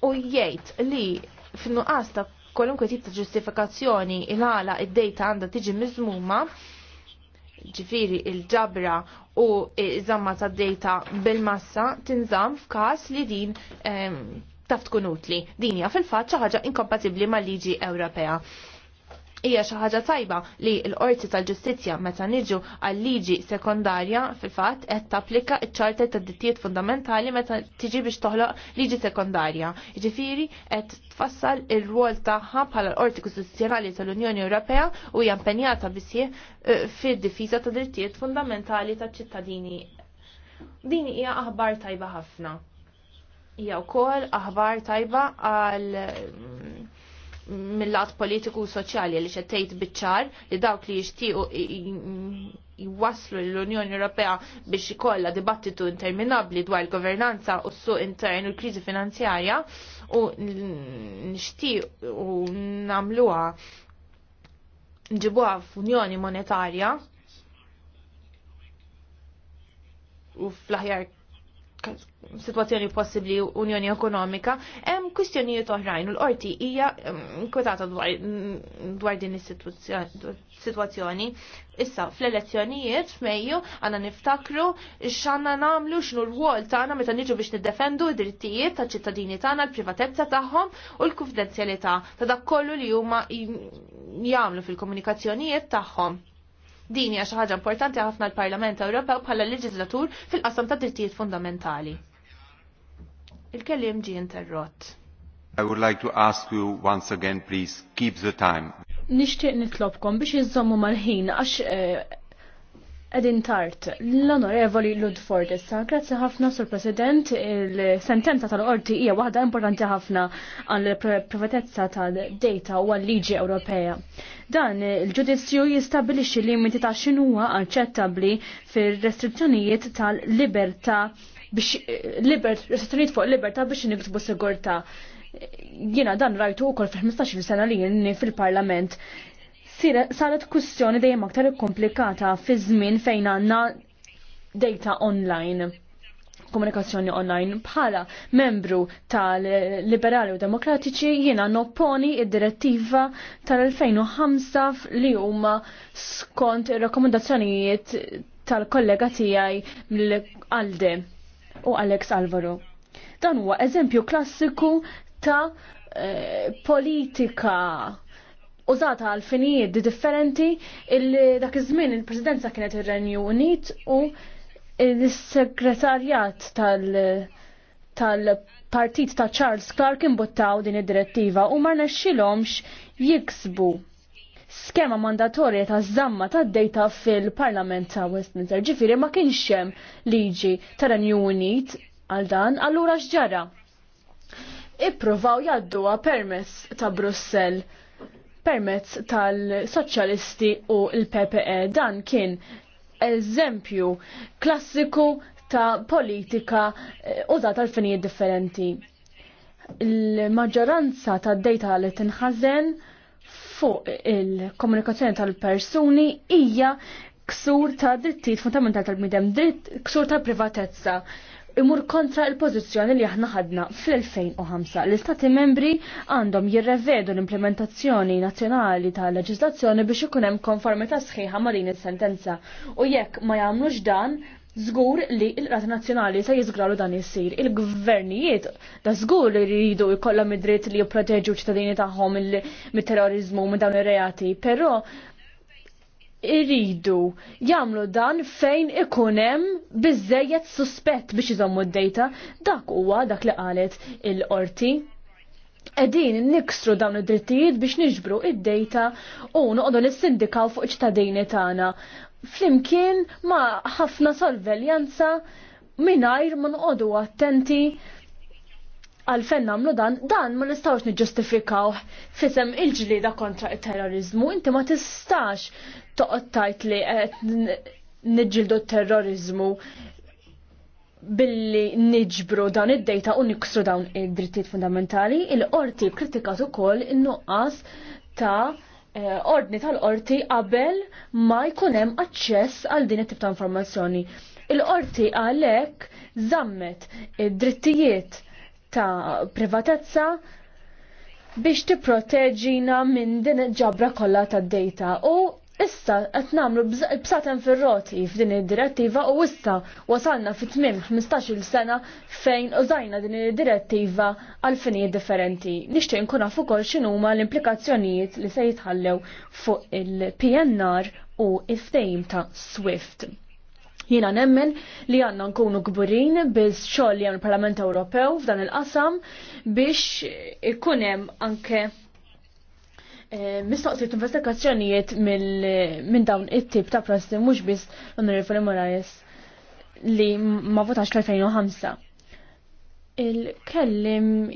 u jgħid li f'nuqqas ta' kolunkwe tip ta' ġustifikazzjoni il-ħala id-dejta għandha tiġi miżmuma ġifiri il-ġabra u iżamma żamma ta' dejta bil-massa tinżamm f'każ li din taf tkun utli. Dinja fil-fatt ħaġa inkompatibbli mal-liġi Ewropea hija xi ħaġa tajba li l-Qorti tal-Ġustizzja meta niġu għal liġi sekondarja fil-fatt qed tapplika ċ-ċarta tad-dittijiet fundamentali meta tiġi biex toħloq liġi sekondarja. Jiġifieri qed tfassal ir-rwol tagħha bħala l-Qorti Kostituzzjonali tal-Unjoni Ewropea u hija impenjata bisih eh, fid-difiża ta' drittijiet fundamentali taċ-ċittadini. Din hija aħbar tajba ħafna. Hija wkoll aħbar tajba għal mill-lat politiku u soċjali li xettejt bitċar li dawk li jishtiqu jwaslu l-Unjoni Ewropea biex ikolla dibattitu interminabli dwar il-governanza u s-suq intern u l-krizi finanzjarja u nishtiq u namluha nġibuha f'Unjoni Monetarja u fl-aħjar situazzjoni possibli unjoni ekonomika, hemm kwistjonijiet oħrajn u l-qorti hija mm, kwetata mm, dwar din is-sitwazzjoni. Issa fl-elezzjonijiet f'Mejju għandna niftakru x'għandna nagħmlu x'nu l-wol tagħna meta niġu biex niddefendu d-drittijiet taċ-ċittadini tagħna, l-privatezza tagħhom u l kufidenzjalità ta' dak kollu li huma jagħmlu fil-komunikazzjonijiet tagħhom Din hija xi ħaġa importanti ħafna l-Parlament Ewropew bħala leġislatur fil-qasam ta' drittijiet fundamentali. Il-kellim ġie interrott. I would like to ask you once again please keep the time. Nixtieq nitlobkom biex jizzommu mal-ħin għax eh, Edin tart, l-onorevoli Ludford issa, grazzi ħafna sur President, il-sentenza tal-qorti hija waħda importanti ħafna għal privatezza tal-data u għal-liġi Ewropea. Dan il-ġudizzju jistabilixxi limiti ta' xinuwa aċċettabbli fir-restrizzjonijiet tal-libertà biex libert, restrizzjonijiet fuq libertà biex niktbu sigurtà. Jiena dan rajtu wkoll fil-15 sena li fil-Parlament saret kwistjoni dejjem aktar komplikata fi żmien fejn għandna data online komunikazzjoni online bħala membru tal-liberali u demokratiċi jiena nopponi id-direttiva tal-2005 li huma skont ir-rakkomandazzjonijiet tal-kollega tiegħi mill-Alde u Alex Alvaro. Dan huwa eżempju klassiku ta' eh, politika użata għal finijiet differenti illi dak iż-żmien il-Presidenza kienet ir-Renju Unit u il-Segretarjat tal- tal-partit ta' Charles Clark imbuttaw din id-direttiva u ma xilomx jiksbu skema mandatorja ta' zamma ta' dejta fil-Parlament ta' Westminster. Ġifieri ma kienx hemm liġi ta' Renju Unit għal dan, allura x'ġara? Ippruvaw jadduha permess ta' Brussell permezz tal-Soċjalisti u l-PPE. Dan kien eżempju klassiku ta' politika eh, użata tal finijiet differenti. Il-maġġoranza ta' data li tinħażen fuq il-komunikazzjoni tal-persuni hija ksur ta' drittijiet fundamentali tal-bniedem, dritt ksur ta' privatezza imur kontra il-pozizjoni li aħna ħadna fl-2005. L-Istati membri għandhom jirrevedu l-implementazzjoni nazzjonali ta' leġislazzjoni biex ikun hemm konformità sħiħa ma' din is-sentenza. U jekk ma jagħmlux dan, Zgur li l rat Nazzjonali se jizgralu dan isir. Il-gvernijiet da żgur li jridu jkollhom id-dritt li jipproteġu ċittadini tagħhom mit-terrorizmu minn dawn ir-reati, però iridu jamlu dan fejn ikunem bizzejet suspett biex jizommu d-dejta, dak huwa dak li qalet il-qorti. Edin niksru dawn id-drittijiet biex niġbru id-dejta u noqdu l-sindikaw fuq ċittadini tagħna. Flimkien ma ħafna sorveljanza minajr ma noqogħdu attenti għalfen namlu dan, dan ma nistawx niġustifikaw fisem il-ġlida kontra il-terrorizmu, inti ma tistax toqgħod tajt li qed niġġieldu terrorizmu billi niġbru dawn id-dejta u niksru dawn id-drittijiet fundamentali, il-qorti kritikat ukoll in-nuqqas ta' eh, ordni tal-qorti qabel ma jkun hemm aċċess għal din it-tip ta' informazzjoni. Il-qorti għalhekk żammet id-drittijiet ta' privatezza biex tipproteġina minn din ġabra kollha tad-dejta u Issa qed nagħmlu bsatem fir-roti f'din id-direttiva u issa wasalna fit tmim 15-il sena fejn użajna din id-direttiva għal finijiet differenti. Nixtieq nkun naf ukoll x'inhuma l-implikazzjonijiet li se jitħallew fuq il-PNR u il-ftejm ta' SWIFT. Jiena nemmen li għanna nkunu gburin biz xogħol li għan il-Parlament Ewropew f'dan il-qasam biex ikunem anke Eh, mistoqsiet investigazzjonijiet minn dawn it-tip ta' prosti mhux biss l-Onorevoli Morales li ma votax l-2005. Il-kellim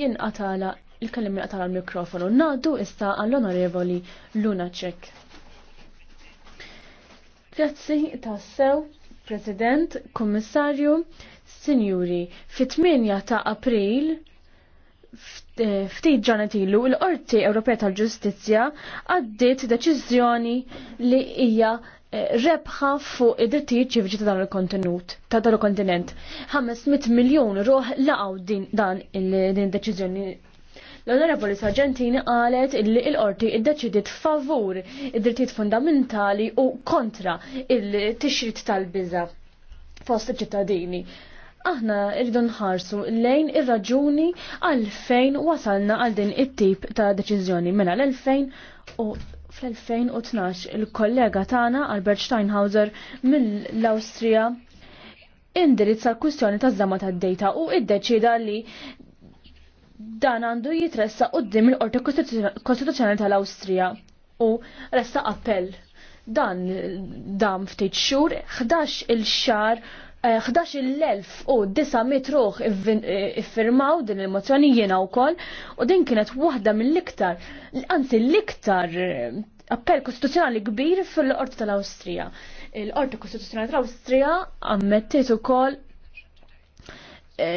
jinqatala il-kellim jinqatala l-mikrofonu. Nadu issa għall-Onorevoli Lunacek. Grazzi tassew, President, Kommissarju, Sinjuri, fit-8 ta' April, ftit ġanet ilu l-Qorti Ewropea tal-Ġustizzja għaddiet deċiżjoni li hija eh, rebħa fuq id-drittijiet ċiviċi ta' dan il-kontenut, ta' dan il-kontinent. 500 miljon ruħ laqgħu din dan il-deċiżjoni L-Onorevoli Sargentini qalet illi il-qorti iddeċidiet favur id-drittijiet fundamentali u kontra il-tixrit tal-biża fost ċittadini aħna irridu nħarsu lejn ir-raġuni għalfejn wasalna għal din it-tip ta' deċiżjoni mela l-2000 u fl-2012 il-kollega tagħna Albert Steinhauser mill-Awstrija indirizza l-kwistjoni ta' żama tad-dejta u iddeċida li dan għandu jitressa qudiem il-Qorti Kostituzzjonali tal-Awstrija u resta appell dan dam ftit xhur 11 il-xar 11,900 ruħ e, iffirmaw din il-mozzjoni jiena wkoll u din kienet waħda mill-iktar, anzi l-iktar e, appell kostituzzjonali kbir fil-Qorti tal-Awstrija. Il-Qorti Kostituzzjonali tal-Awstrija ammettiet ukoll e,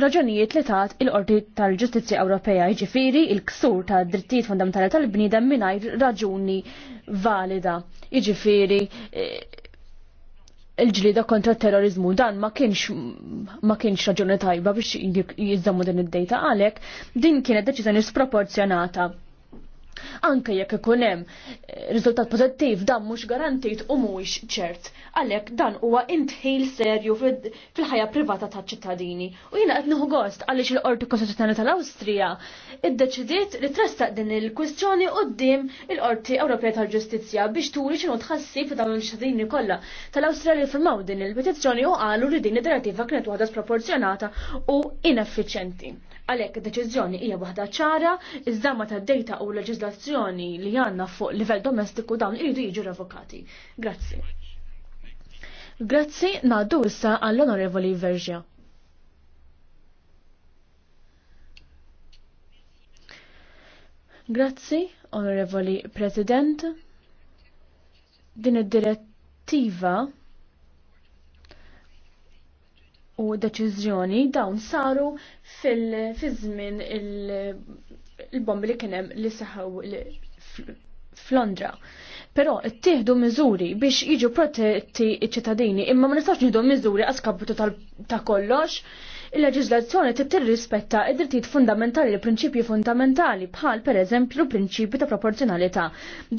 raġunijiet li tat il-qorti tal-ġustizja Ewropea jiġifieri il-ksur ta' drittijiet fundamentali tal-bniedem mingħajr raġuni valida. Jiġifieri il-ġlida kontra terrorizmu dan ma kienx ma kienx raġuni tajba biex jizzamu din id-dejta għalek din kienet deċiżjoni sproporzjonata Anke jekk ikun hemm eh, riżultat pożittiv dan mhux garantit u mhuwiex ċert. Għalhekk dan huwa intħil serju fil-ħajja privata taċ-ċittadini. U jiena qed nieħu gost għaliex il-Qorti Kostituzzjonali tal-Awstrija iddeċidiet li trestaq din il-kwistjoni quddiem il-Qorti Ewropea tal-Ġustizzja biex turi x'inhu tħassib dawn il-ċittadini kollha tal-Awstrija li firmaw din il-petizzjoni u qalu li din id-direttiva kienet waħda sproporzjonata u ineffiċjenti. Għalhekk deċiżjoni hija waħda ċara, iż-żamma tad-dejta u l li għandna fuq livell domestiku dawn iridu jiġu revokati. Grazzi. Grazzi ngħaddu issa għall-Onorevoli Verġja. Grazzi, Onorevoli President. Din id-direttiva u deċiżjoni dawn saru fil-żmien il-bombi li kienem li saħaw f'Londra. Però ttieħdu miżuri biex jiġu protetti ċ-ċittadini, imma ma nistax nieħdu miżuri għaskabutu ta' kollox. Il-leġiżlazzjoni tib tirrispetta id-drittijiet fundamentali l prinċipji fundamentali bħal per eżempju prinċipju ta' proporzjonalità.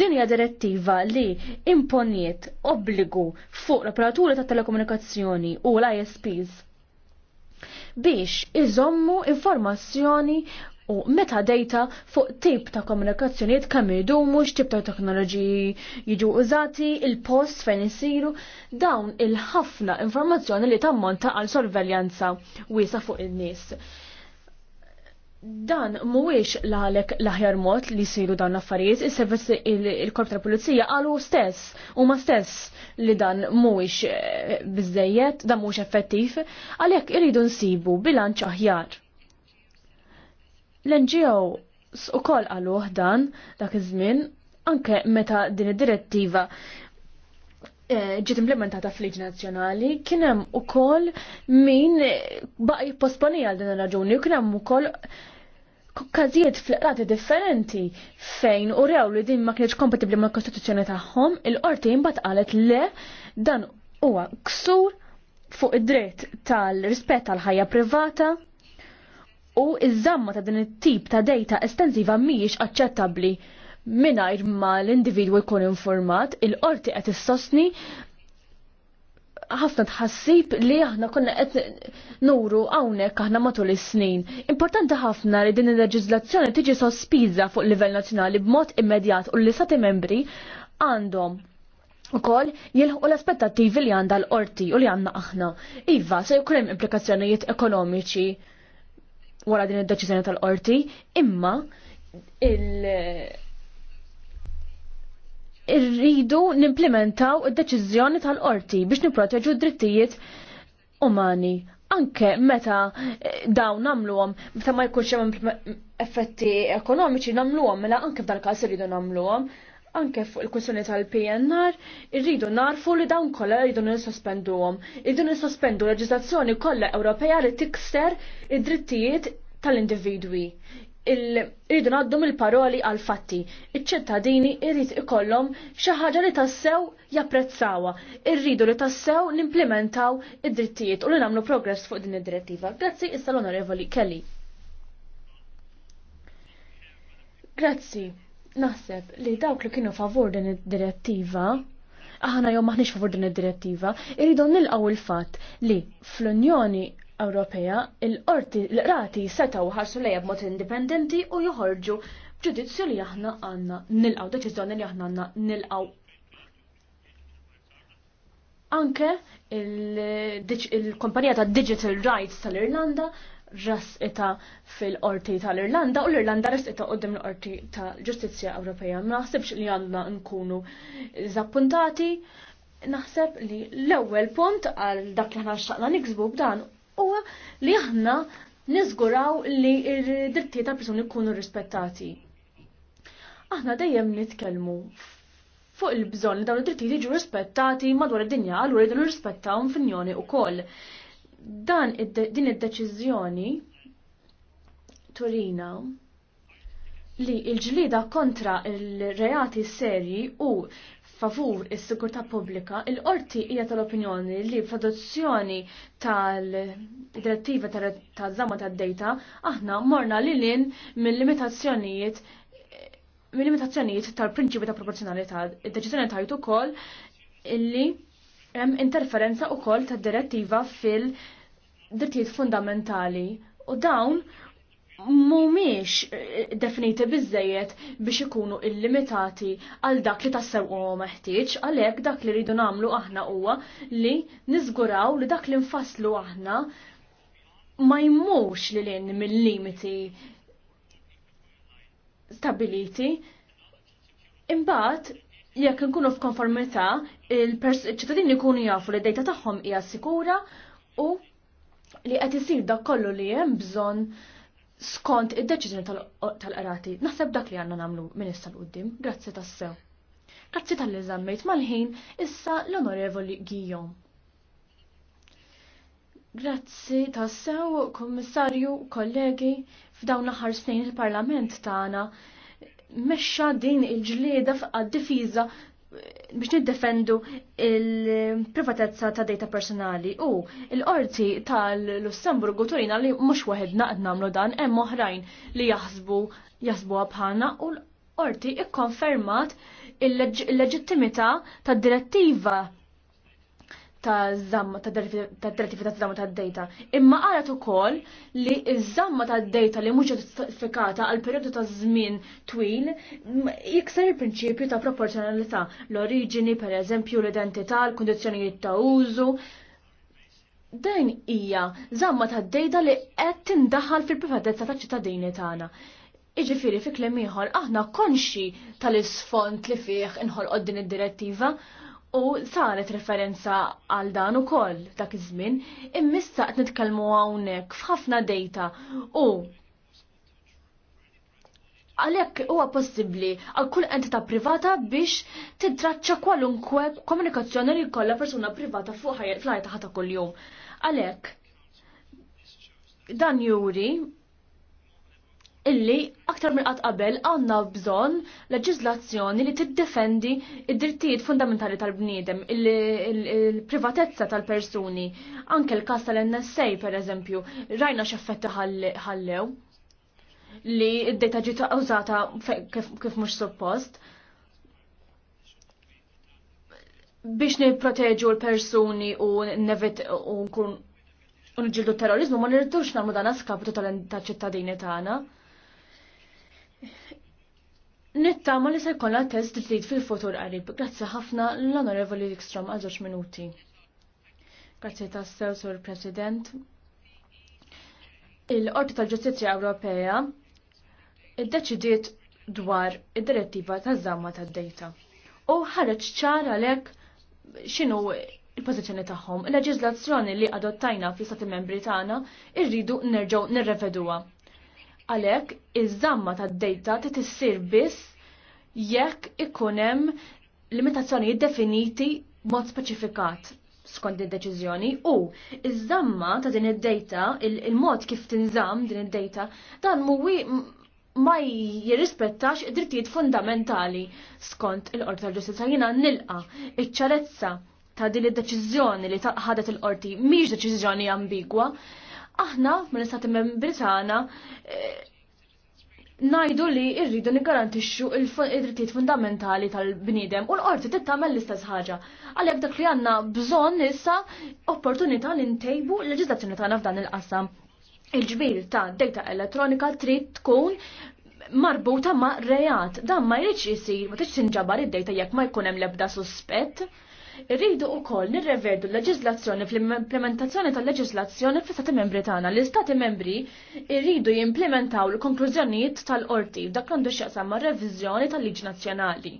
Din hija direttiva li imponiet obbligu fuq l-operaturi ta' telekomunikazzjoni u l-ISPs biex iżommu informazzjoni u metadata fuq tip ta' komunikazzjoniet kemm idumu, x'tip ta' teknoloġiji jiġu użati, il-post fejn isiru, dawn il-ħafna informazzjoni li tammonta għal sorveljanza wiesa fuq in-nies. Dan mhuwiex l-għalek l-aħjar mod li jsiru dawn l-affarijiet, il-servizz il-korp tal-pulizija qalu stess, huma stess li dan mhuwiex eh, biżejjed, dan mhuwiex effettiv, għalhekk iridu nsibu bilanċ aħjar. L-NGO ukoll qaluh dan dak iż-żmien anke meta din id-direttiva eh, ġiet implementata fl-Liġi Nazzjonali, kien hemm ukoll min baqi posponija għal din ir-raġuni u kien hemm ukoll kazijiet fl-qrati differenti fejn u rew li din ma kienx kompatibli mal kostituzzjoni tagħhom, il-qorti imbagħad qalet le dan huwa ksur fuq id-dritt tal-rispett tal-ħajja privata u iż-żamma ta' din it-tip ta' dejta estensiva mhijiex aċċettabbli mingħajr ma l-individwu jkun informat, il-qorti qed issostni ħafna tħassib li aħna konna qed nuru hawnhekk aħna matul is-snin. Importanti ħafna li din il-leġiżlazzjoni tiġi sospiża fuq livell nazzjonali b'mod immedjat u li stati membri għandhom ukoll jilħu l-aspettattivi li għandha l-qorti u li għandna aħna. Iva, se jkun hemm implikazzjonijiet ekonomiċi wara din id-deċiżjoni tal-qorti, imma il- irridu nimplementaw id-deċiżjoni tal-qorti biex niproteġu d-drittijiet umani. Anke meta eh, dawn namluwom, meta ma jkunx hemm effetti ekonomiċi namluwom, mela anke f'dan każ irridu namluwom, anke fuq il kwissjoni tal-PNR, irridu narfu li dawn kollha irridu nissospenduhom. Irridu nissospendu leġiżlazzjoni kollha Ewropea li tikser id-drittijiet tal-individwi irridu għaddum il-paroli għal-fatti. Iċ-ċittadini irrid ikollhom xi ħaġa li tassew japprezzawha. Irridu li tassew nimplementaw id-drittijiet u li nagħmlu progress fuq din id-direttiva. Grazzi issa l-Onorevoli Kelly. Grazzi. Naħseb li dawk li kienu favur din id-direttiva aħna jom maħniex favur din id-direttiva, irridu nilqgħu il-fatt li fl-Unjoni Ewropea, il-qorti l-rati setaw ħarsu lejja b'mod indipendenti u joħorġu ġudizzju li aħna għanna nilqaw, deċiżjoni li aħna għanna nilqaw. Anke il-kompanija ta' Digital Rights tal-Irlanda rasqita fil-qorti tal-Irlanda u l-Irlanda rasqita qoddim l-qorti tal-ġustizzja Ewropea. Ma naħsibx li għandna nkunu zappuntati naħseb li l-ewwel punt għal dak li ħna xtaqna niksbu b'dan huwa li aħna niżguraw li d-dritti ta' persuni jkunu rispettati. Aħna dejjem nitkellmu fuq il-bżonn li dawn id dritti jiġu rispettati madwar id-dinja rridu jridu nirrispettawhom f'injoni wkoll. Dan din id-deċiżjoni Torina li il-ġlida kontra il-reati serji u favur is-sigurtà pubblika, il-qorti hija tal-opinjoni li f'adozzjoni tal-direttiva tal-żamma tad-dejta aħna morna li lin mill-limitazzjonijiet mill-limitazzjonijiet tal-prinċipju ta' proporzjonalità. Id-deċiżjoni tajt ukoll illi hemm interferenza ukoll tad-direttiva fil-drittijiet fundamentali u dawn mumiex eh, definiti bizzejiet biex ikunu illimitati għal dak li tassew u meħtieġ, għalhekk dak li rridu nagħmlu aħna huwa li niżguraw li dak li nfasslu aħna ma jmux li lin mill-limiti stabiliti. Imbagħad jekk nkunu f'konformità, il-ċittadini jkunu jafu li d-dejta tagħhom hija sikura u li qed isir dak kollu li hemm bżonn skont id-deċiżjoni tal-qrati. Naħseb dak li għandna nagħmlu minissa l qoddim Grazzi tassew. Grazzi tal-li mal-ħin issa l-Onorevoli Gijom. Grazzi tassew, Kommissarju, kollegi, f'dawn l-aħħar snin il-Parlament tagħna mexxa din il-ġlieda f'għad-difiża biex niddefendu il-privatezza ta' data personali u l-qorti tal-Lussemburgu turina li mhux waħed naqd nagħmlu dan hemm oħrajn li jaħsbu jaħsbuha bħalna u l-qorti ikkonfermat il-leġittimità tad-direttiva ta' zamma ta' direttiva ta' zamma ta' data. Imma qalet ukoll li ż-żamma ta' data li mhux ġustifikata għal perjodu ta' żmien twil jikser il-prinċipju ta' proporzjonalità, l-oriġini pereżempju l-identità, l-kundizzjonijiet ta' użu. Dan hija żamma ta' data li qed tindaħal fil-privatezza ta' ċittadini tagħna. Iġifiri fi klim ieħor aħna konxi tal-isfont li fih inħol din id-direttiva U saret referenza għal dan ukoll dak iż-żmien, immissa qed nitkellmu hawnhekk f'ħafna dejta. u għalhekk huwa possibbli għal kull entità privata biex titraċċa kwalunkwe komunikazzjoni li jkollha persuna privata fuq ħajja fl-ħajja ta' kuljum. Għalhekk dan juri illi aktar minn qatt qabel għandna bżonn leġiżlazzjoni li tiddefendi id-drittijiet fundamentali tal-bniedem, il-privatezza tal-persuni, anke l-każ tal-NSA pereżempju, rajna x'effetti ħallew li id-data ġiet użata kif mhux suppost biex nipproteġu l-persuni u nevet u nkun unġildu terrorizmu ma nirritux nagħmlu dan skapitu tal-ċittadini tagħna. Nittama li se jkollha test ġdid fil-futur qarib. Grazzi ħafna l-Onorevoli Wikstrom għal żewġ minuti. Grazzi sew, Sur President. Il-Qorti tal-Ġustizzja Ewropea iddeċidiet dwar id-direttiva taż-żamma tad-dejta. U ħareġ ċar għalhekk x'inhu il-pożizzjoni tagħhom. Il-leġiżlazzjoni li adottajna fl-Stati Membri tagħna irridu nerġgħu nirreveduha. Għalhekk iż-żamma tad-dejta trid biss jekk ikun hemm limitazzjonijiet definiti mod speċifikat skont id-deċiżjoni u iż-żamma ta' din id-dejta, il-mod kif tinżamm din id-dejta, dan mhuwi ma jirrispettax id-drittijiet fundamentali skont il-qorti tal-ġustizja jiena nilqa iċ-ċarezza ta' din id-deċiżjoni li ħadet il-qorti mhix deċiżjoni ambigwa aħna mill-istati membri tagħna eh, najdu li irridu nigarantixxu il-drittijiet fundamentali tal-bniedem u l-qorti tittamel l-istess ħaġa. Għalhekk dak li għandna bżonn issa opportunità li ntejbu l-leġiżlazzjoni tagħna f'dan il-qasam. Il-ġbir ta' data elettronika trid tkun marbuta ma' reat. Dan ma jridx isir, ma tridx tinġabar id-dejta jekk ma jkun hemm l-ebda suspett. Irridu wkoll nirreverdu l leġislazzjoni fl-implementazzjoni tal leġislazzjoni fl-Stati Membri tagħna. L-Istati Membri irridu jimplementaw l-konklużjonijiet tal-qorti f'dak l-għandu x'jaqsam ma' reviżjoni tal-Liġi Nazzjonali.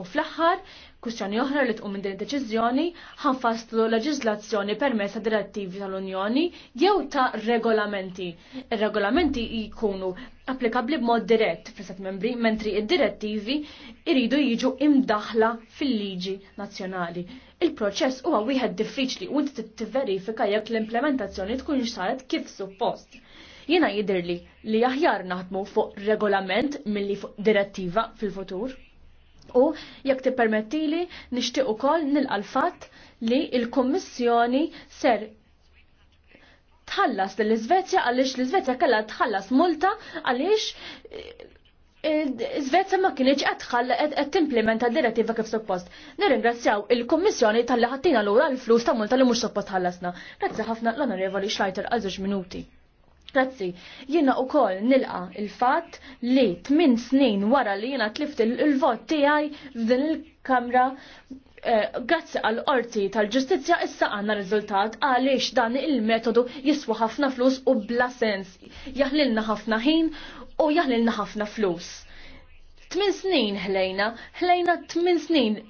U fl-aħħar Kustjoni oħra li tqum minn din id-deċiżjoni ħanfaslu leġiżlazzjoni permezz ta' direttivi tal-Unjoni jew ta' regolamenti. Ir-regolamenti jkunu applikabbli b'mod dirett fl-Istat membri, mentri id-direttivi iridu jiġu imdaħla fil-liġi nazzjonali. Il-proċess huwa wieħed diffiċli u inti tivverifika jekk l-implementazzjoni tkun saret kif suppost Jiena jidirli li aħjar naħdmu fuq regolament milli fuq direttiva fil-futur? U jekk tippermettili nixtieq ukoll nilqa' fatt li l-Kummissjoni ser tħallas lill-Iżvezja għaliex l-Iżvezja kellha tħallas multa għaliex Svezja eh, ma kienieċ għadħal timplementa implementa direttiva kif suppost. Nirringrazzjaw il-Kommissjoni tal-li ħattina l-ura l-flus ta' multa li mux suppost ħallasna. Grazzi ħafna l-onorevoli Schleiter għal minuti. Grazzi, jina u koll nilqa il-fat li 8 snin wara li jina tlift il-vot tijaj f'din il-kamra eh, grazzi għal qorti tal-ġustizja issa għanna rizultat għaliex dan il-metodu jiswa ħafna flus u bla sens. Jahlilna ħafna ħin u jahlilna ħafna flus. Tmin snin ħlejna, ħlejna tmin snin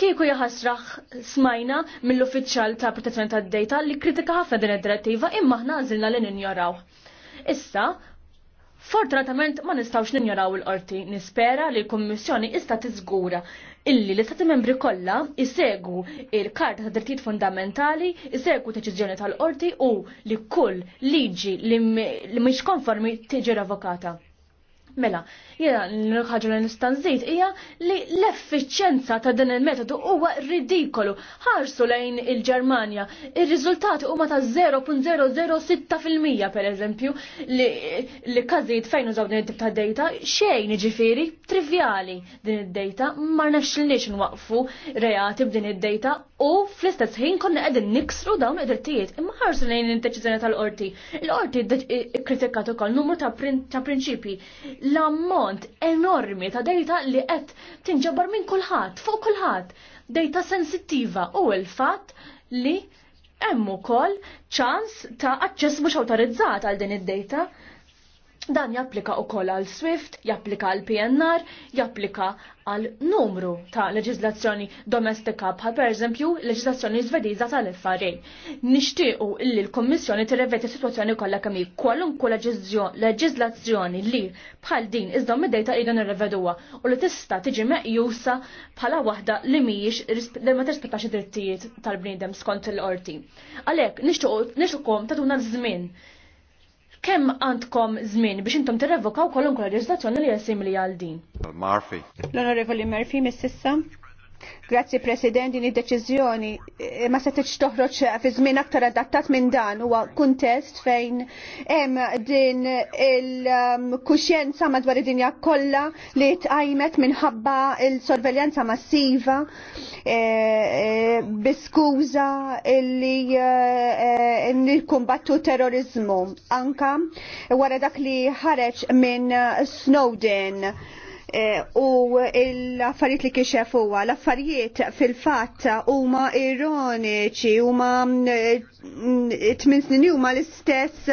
kieku jaħasraħ smajna mill-uffiċjal ta' protezzjoni tad data li kritika ħafna din id-direttiva imma ħna għażilna li ninjoraw. Issa, fortunatament ma nistawx ninjoraw il-qorti, nispera li l-Kummissjoni issa tiżgura illi l-istati membri kollha isegwu il-Karta ta' Drittijiet Fundamentali, isegwu deċiżjoni tal-qorti u li kull liġi li mhix konformi tiġi revokata. Mela, jena l-ħagġa li nistanżit hija li l-effiċenza ta' din il-metodu huwa ridikolu. Ħarsu lejn il-Ġermanja, ir-riżultati huma ta' 0.006% per eżempju li, l każijiet fejn użaw din it-tip ta' data xejn ġifiri trivjali din id-data ma nafx nix nwaqfu reati b'din id-data u fl-istess ħin konna qegħdin niksru dawn id-drittijiet. Imma ħarsu lejn id-deċiżjoni tal-qorti. Il-qorti kritikat ukoll numru ta' prinċipji l-ammont enormi ta' dejta li qed tinġabar minn kulħadd, fuq kulħadd, dejta sensittiva u l-fatt li hemm ukoll ċans ta' aċċess mhux awtorizzat għal din id-dejta Dan japplika u koll għal SWIFT, japplika għal PNR, japplika għal numru ta' leġizlazzjoni domestika bħal per eżempju leġizlazzjoni zvediza tal-FRA. Nixtiequ illi l-Kommissjoni t-reveti situazzjoni kollha kemm hi kwalunkwe leġizlazzjoni li bħal din iżdom id-dejta qiegħda nirreveduha u li tista' tiġi meqjusa bħala waħda li mhijiex li ma tirrispettax id-drittijiet tal-bniedem skont il-qorti. Għalhekk nixtiequ nixtieqkom tagħtuna żmien Kemm għandkom żmien biex intom tirrevokaw kolonkola legislazzjoni li jasimili għal din? Marfi. L-Onorevoli Murphy, mississa. Grazzi President, din id-deċiżjoni eh, ma setgħux toħroġ fi żmien aktar adattat minn dan huwa kuntest fejn hemm din il-kuxjenza madwar id-dinja kollha li tqajmet minħabba il-sorveljanza massiva eh, eh, biskuża illi nikkumbattu terrorizmu anka wara dak li ħareġ minn Snowden. Eh, u l-affarijiet li kixef huwa l-affarijiet fil-fatt huma ironiċi huma mm, eh, tmin snin huma l-istess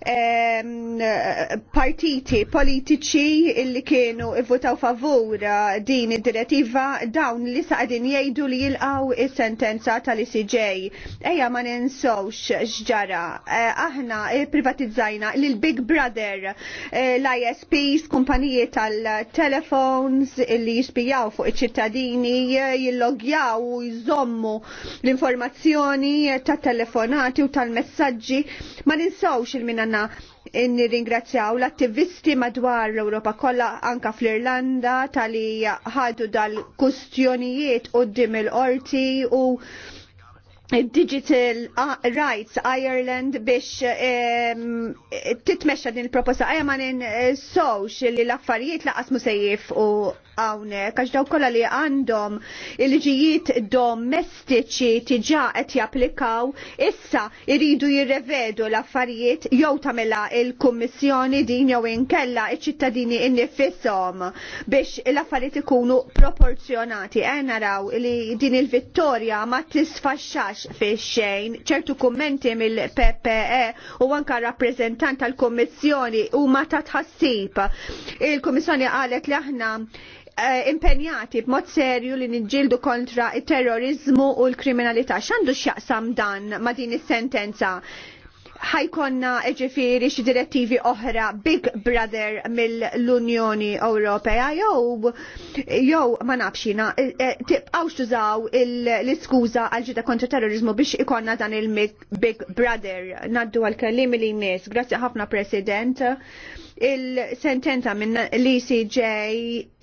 Ehm, partiti politiċi illi kienu votaw favur din id-direttiva dawn li saqdin jgħidu li jilqaw is-sentenza tal-ICJ. Ejja ma ninsowx xġara. Eh, aħna privatizzajna l Big Brother eh, l-ISPs, kumpaniji tal-telefons illi jispijaw fuq iċ-ċittadini jillogjaw u jżommu l-informazzjoni tat telefonati u tal-messagġi. Ma ninsawx il-minan tagħna nirringrazzjaw l-attivisti madwar l-Ewropa kollha anka fl-Irlanda tali ħadu dal-kustjonijiet qudiem il-qorti u Digital ah, Rights Ireland biex titmexxa din il-proposta ejja ma ninsowx eh, li l-affarijiet laqas musejjif u hawnhekk għax daw kollha li għandhom il-ġijiet domestiċi tiġa qed japplikaw issa iridu jirrevedu l-affarijiet jew tagħmilha il-Kummissjoni din jew inkella iċ-ċittadini innifishom biex l-affarijiet ikunu proporzjonati. Għena raw li din il-vittorja ma tisfaxxax fix xejn ċertu kummenti mill-PPE u anka rappresentant tal-Kummissjoni u ma ta' tħassib. Il-Kummissjoni qalet li aħna Eh, impenjati b'mod serju li nġildu kontra il-terrorizmu u l-kriminalità. Xandu x'jaqsam dan ma' din is-sentenza? ħajkonna eġifiri eh, xi direttivi oħra Big Brother mill-Unjoni Ewropea jew jew ma nafxina, tibqgħu eh, tibqgħux tużaw l-iskuża għal ġita kontra terrorizmu biex ikonna dan il-Big Brother. Naddu għal-kellim li jmiss. Grazzi ħafna President. Il-sentenza minn l-ECJ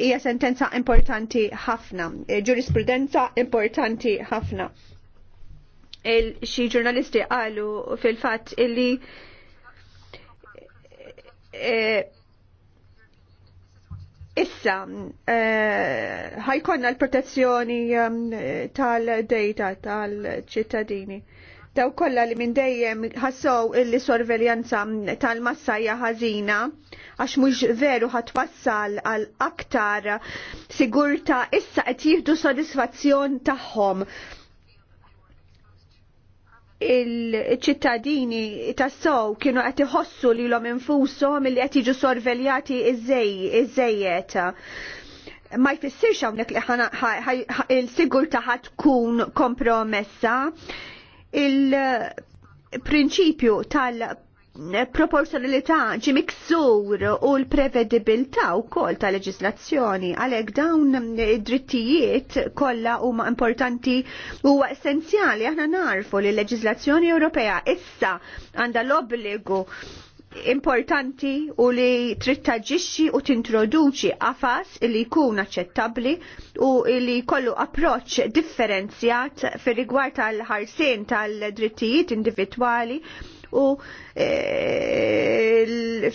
hija sentenza importanti ħafna, eh, ġurisprudenza importanti ħafna. Xi ġurnalisti qalu fil-fatt illi eh, Issa, eh, ħajkonna l-protezzjoni tal-data tal-ċittadini daw kollha li minn dejjem ħassow illi sorveljanza tal-massa hija ħażina għax mhux veru ħatwassal għal aktar sigurta issa qed jieħdu sodisfazzjon tagħhom il-ċittadini tassow kienu qed iħossu lilhom infushom li qed jiġu sorveljati iż-żejjed. Ma jfissirx hawnhekk li il-sigurta ħadd tkun kompromessa il-prinċipju tal- proporzjonalità ġi miksur u l-prevedibilità u kol ta' leġislazzjoni għalek dawn id-drittijiet kolla u ma' importanti u essenzjali aħna narfu li l-leġislazzjoni Ewropea issa għanda l-obbligu importanti u li trid taġixxi u tintroduċi qafas li jkun aċċettabbli u li jkollu approċċ differenzjat fir-rigward tal-ħarsien tal-drittijiet individwali u e,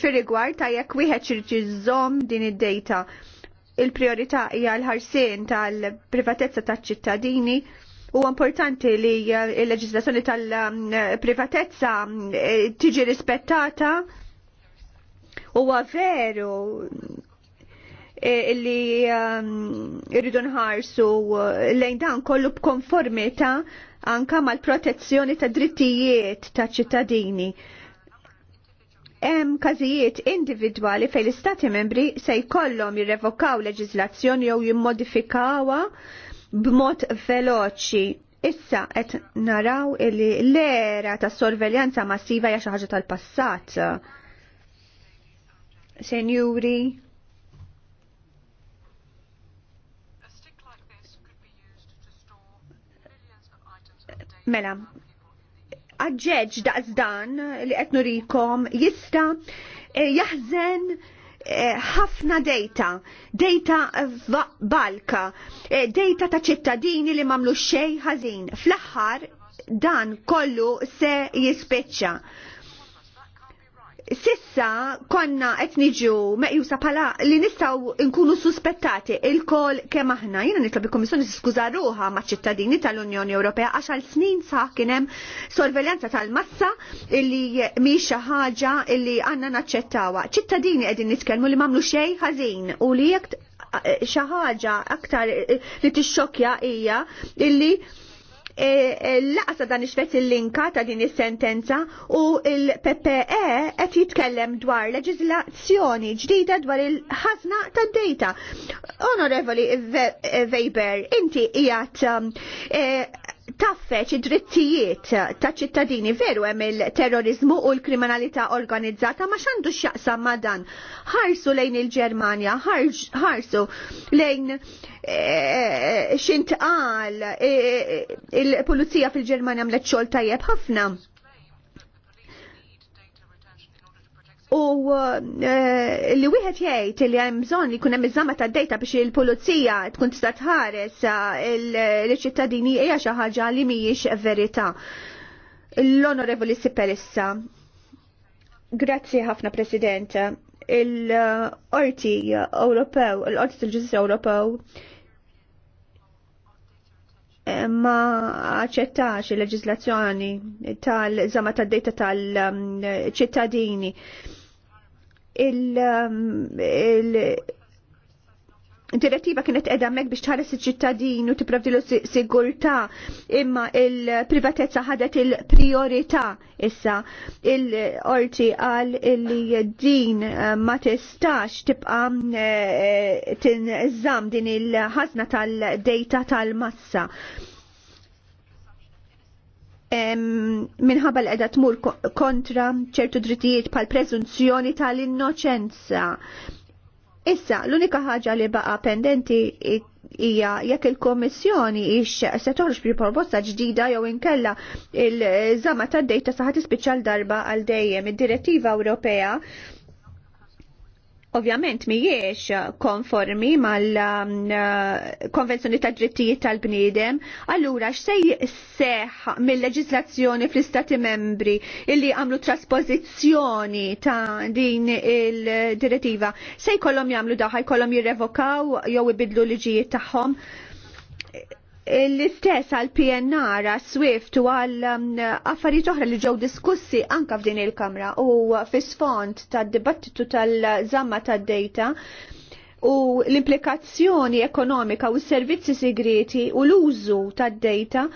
fir-rigward ta' jekk wieħed irid din id-dejta. Il-priorità hija l-ħarsien tal-privatezza taċ-ċittadini U importanti li l-leġislazzjoni tal-privatezza eh, tiġi rispettata u veru eh, li ehm, irridu nħarsu eh, lejn dan kollu b'konformità anka mal-protezzjoni ta' drittijiet ta' ċittadini. Hemm każijiet individwali fejn l-Istati membri se jkollhom jirrevokaw leġiżlazzjoni jew jimmodifikawha b'mod veloċi. Issa qed naraw li l-era ta' sorveljanza massiva hija xi ħaġa tal-passat. Senjuri, Mela, daqs daqsdan li qed nurikom jista' eh, Eh, ħafna eh, data, data eh, balka, eh, data ta' ċittadini li mamlu xej ħażin. Fl-aħħar dan kollu se jispeċċa sissa konna qed niġu meqjusa pala li nistgħu nkunu suspettati il-kol kemm aħna jiena nitlob il-Kummissjoni tiskuża ruha maċ-ċittadini tal-Unjoni Ewropea għax għal snin sa kien hemm sorveljanza tal-massa illi mhix xi ħaġa illi għandna naċċettawa. Ċittadini għedin nitkellmu li m'għamlu xejn ħażin u li jekk xi ħaġa aktar li t-xokja hija illi E, e, laqsa dan ixfet il-linka ta' din is-sentenza u il-PPE qed jitkellem dwar leġislazzjoni ġdida dwar il-ħazna ta' data. Onorevoli Weber, inti qiegħed um, e, taffeċ id-drittijiet ta' ċittadini veru hemm il-terrorizmu u l-kriminalità organizzata ma xandu x'jaqsam ma' dan. Ħarsu lejn il-Ġermanja, ħarsu lejn eh, eh, xintqal eh, il-pulizija fil-Ġermanja mlet xogħol tajjeb ħafna u eh, li wieħed jgħid li hemm bżonn li jkun hemm iż-żama tad-dejta biex il-pulizija tkun tista' tħares il-ċittadini hija xi ħaġa li mhijiex verità. L-Onorevoli Sipelissa. Grazzi ħafna President. Il-Orti Ewropew, l-Orti tal-Ġustizzja Ewropew ma aċċettax il-leġizlazzjoni tal-żama leġiżlazzjoni tal żama tad dejta tal ċittadini Um, il- Direttiva kienet edha mek biex tħares il-ċittadin u tipprovdilu sigurtà imma il-privatezza ħadet il priorita issa il-orti għal li din eh, ma tistax tibqa eh, tinżam din il-ħazna tal-dejta tal-massa minħabba l-edha tmur kontra ċertu drittijiet pal prezunzjoni tal-innoċenza. Issa, l-unika ħaġa li baqa pendenti hija jekk il-Kommissjoni ix se toħroġ bi proposta ġdida jew inkella il-żama tad-dejta saħat ispiċċal darba għal dejjem id-Direttiva Ewropea ovvjament mhijiex konformi mal-Konvenzjoni um, uh, ta' Drittijiet tal-Bniedem, allura x'sej seħ mill-leġislazzjoni fl-Istati membri illi għamlu traspożizzjoni ta' din il-direttiva, se jkollhom jagħmlu daħħa jkollhom jirrevokaw jew ibidlu liġijiet tagħhom l-istess għal PNR, għal Swift u għal um, affarijiet oħra li ġew diskussi anka f'din il-Kamra u fis font tad-dibattitu tal-żamma tad-data u l-implikazzjoni ekonomika u s-servizzi segreti u l-użu tad-data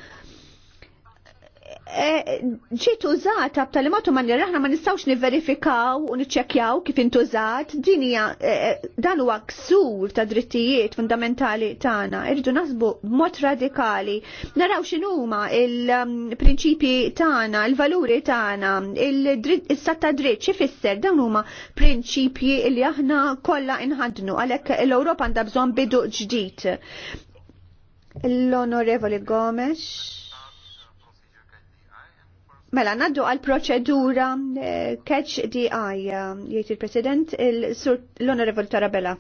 ġiet użata b'talimatu man li aħna ma nistgħux niverifikaw u niċċekkjaw kif intużat, din hija eh, eh, dan huwa ksur ta' drittijiet fundamentali tagħna. Irridu nasbu b'mod radikali. Naraw x'inhuma il-prinċipji um, tagħna, il-valuri tagħna, is-sat ta' dritt x'ifisser dawn huma prinċipji li aħna kollha inħadnu għalhekk l-Ewropa għandha bżonn bidu ġdid. L-Onorevoli Gomes. Mela, naddu għal proċedura eh, catch DI, eh, jgħid il-President, l-Onorevol Tarabella.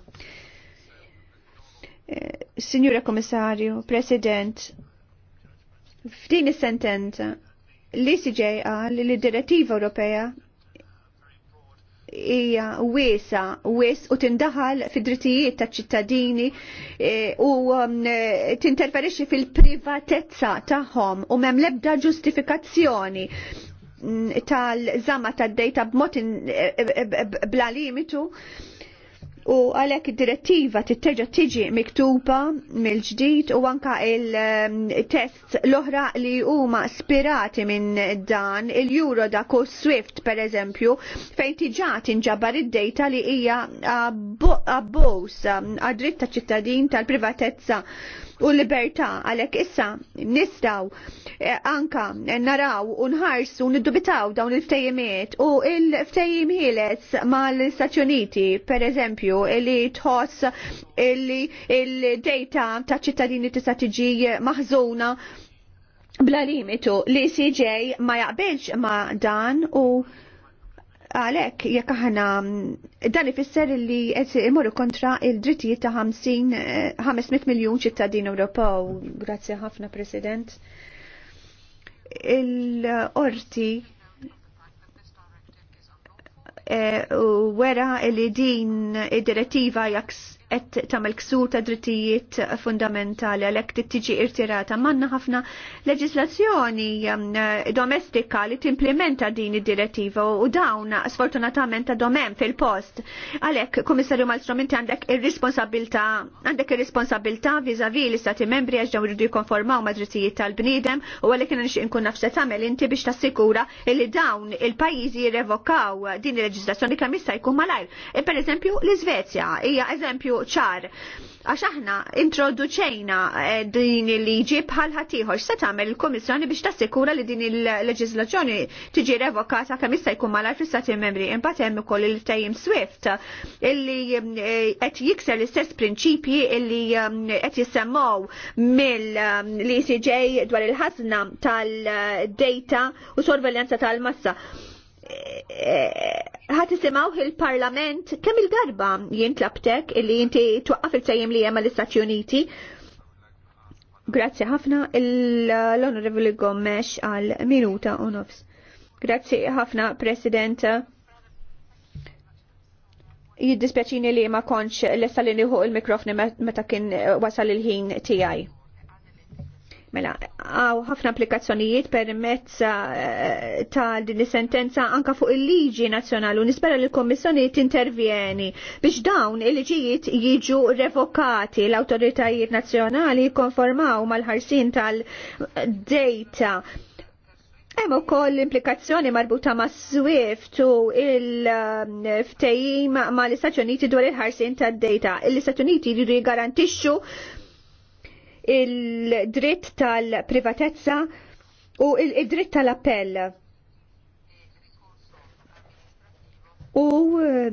Eh, Signora Komissarju, President, f'din is-sentenza li si għal li d-direttiva Ewropea hija wiesa wis u tindaħal fid-drittijiet taċ-ċittadini e, u um, e, tinterferixxi fil-privatezza tagħhom u m'hemm l-ebda ġustifikazzjoni mm, tal-żama tad-dejta b'mod e, bla limitu u għalhekk id-direttiva titteġa' tiġi miktuba mill-ġdid u anka il-test ehm, l-oħra li huma spirati minn dan il-Euro da u Swift per eżempju fejn tiġa tinġabar id-dejta li hija abbos ehm, għad-dritt ta' ċittadin tal-privatezza u l-libertà għalhekk issa nistgħu eh, anka naraw u nħarsu niddubitaw dawn il ftejimiet u il-ftejjim ma mal-Istati Uniti pereżempju li tħoss illi il-data ta' ċittadini tista' tiġi maħżuna bla limitu li CJ ma jaqbilx ma dan u Għalek, jekk aħna dan ifisser li qed imorru kontra il-drittijiet ta' 50 500 eh, miljun ċittadin Ewropew. Grazzi ħafna, President. Il-qorti eh, wera li din id-direttiva jaks qed tagħmel ksur ta' drittijiet fundamentali għalhekk tiġi irtirata. Manna ħafna leġislazzjoni um, domestika li timplementa din id-direttiva u dawn sfortunatament ta' domem fil-post. Għalhekk, Kummissarju Malstrom, inti għandek ir-responsabilità għandek ir-responsabilità viżavi l-istati membri għax dawn jridu jkonformaw ma' drittijiet tal-bniedem u għalhekk nixtieq inkun nafse tagħmel inti biex tassikura li dawn il-pajjiżi jirrevokaw din il-leġislazzjoni kemm jista' jkun malajr. E, per eżempju, l-Iżvezja hija eżempju ċar. Għax aħna introduċejna eh, din il-liġi bħal ħatiħor se tagħmel il-Kummissjoni biex tassikura li din il-leġiżlazzjoni tiġi revokata kemm jista' jkun malar fl istati membri. Imbagħad hemm ukoll il-tajjim Swift illi eh, qed jikser l-istess prinċipji illi eh, qed jissemmaw mill-ECJ dwar il-ħazna tal-data u sorveljanza tal-massa ħat isimaw il-parlament kemm il-darba jien illi inti twaqqaf il-tajjem li jemma l-Istati Uniti. Grazzi ħafna l-Onorevoli Gomes għal minuta u nofs. Grazzi ħafna President. Jiddispjaċini li ma konċ l essalini li il-mikrofni meta kien wasal il-ħin tiegħi. Mela, għaw ħafna applikazzjonijiet permezz eh, ta' din sentenza anka fuq il-liġi nazzjonali u nispera li l-Kommissjoni tintervjeni biex dawn il-liġijiet jiġu revokati l-autoritajiet nazzjonali konformaw mal-ħarsin tal-data. Hemm ukoll l implikazzjoni marbuta ma' Swift u il ftejim ma' l-Istati Uniti dwar il-ħarsien tad-data. L-Istati Uniti jridu jgarantixxu il-dritt tal-privatezza u il-dritt tal-appell. U eh,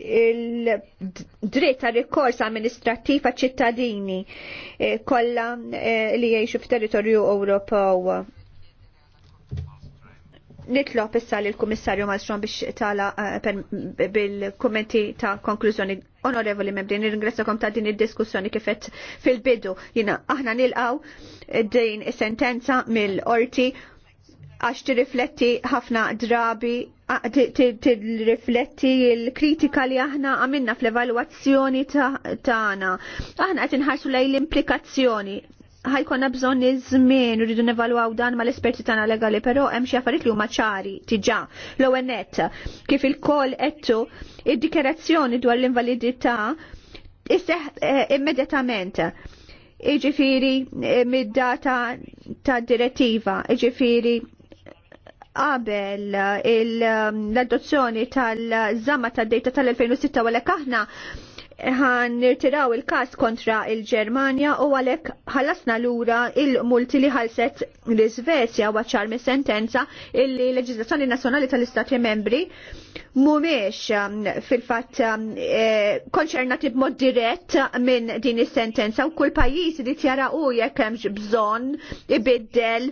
il-dritt għal rikors amministrattiv għal ċittadini eh, kollha eh, li jgħixu f'territorju Ewropew. Nitlob issa li l-Kummissarju Malstrom biex tala eh, bil-kommenti ta' konklużjoni. Onorevoli membri, nirringrazzakom ta' din id-diskussjoni kifet fil-bidu. Jina, aħna nilqaw din sentenza mill-orti għax tirrifletti ħafna drabi, tirrifletti l-kritika li aħna għamilna fl-evaluazzjoni tagħna. Aħna qed inħarsu lej l-implikazzjoni ħajkonna bżonn iż-żmien rridu nevalwaw dan mal-esperti tagħna legali, però hemm xi affarijiet li huma ċari diġà. L-ewwel nett kif il-koll qedtu id-dikerazzjoni dwar l-invalidità isseħ eh, immedjatament. Iġifiri eh, mid-data ta' direttiva, iġifiri qabel eh, l-adozzjoni tal-żamma tad-dejta tal-2006 għalhekk aħna ħan nirtiraw il-kas kontra il-Germania u għalek ħallasna lura il-multi li ħalset l-Svezja waċar mis sentenza illi leġizlazzjoni nazjonali tal-Istati membri mumiex um, fil-fat um, eh, konċernati b'mod dirett minn din is-sentenza u kull pajjiż li tjara u jekk hemmx bżonn ibiddel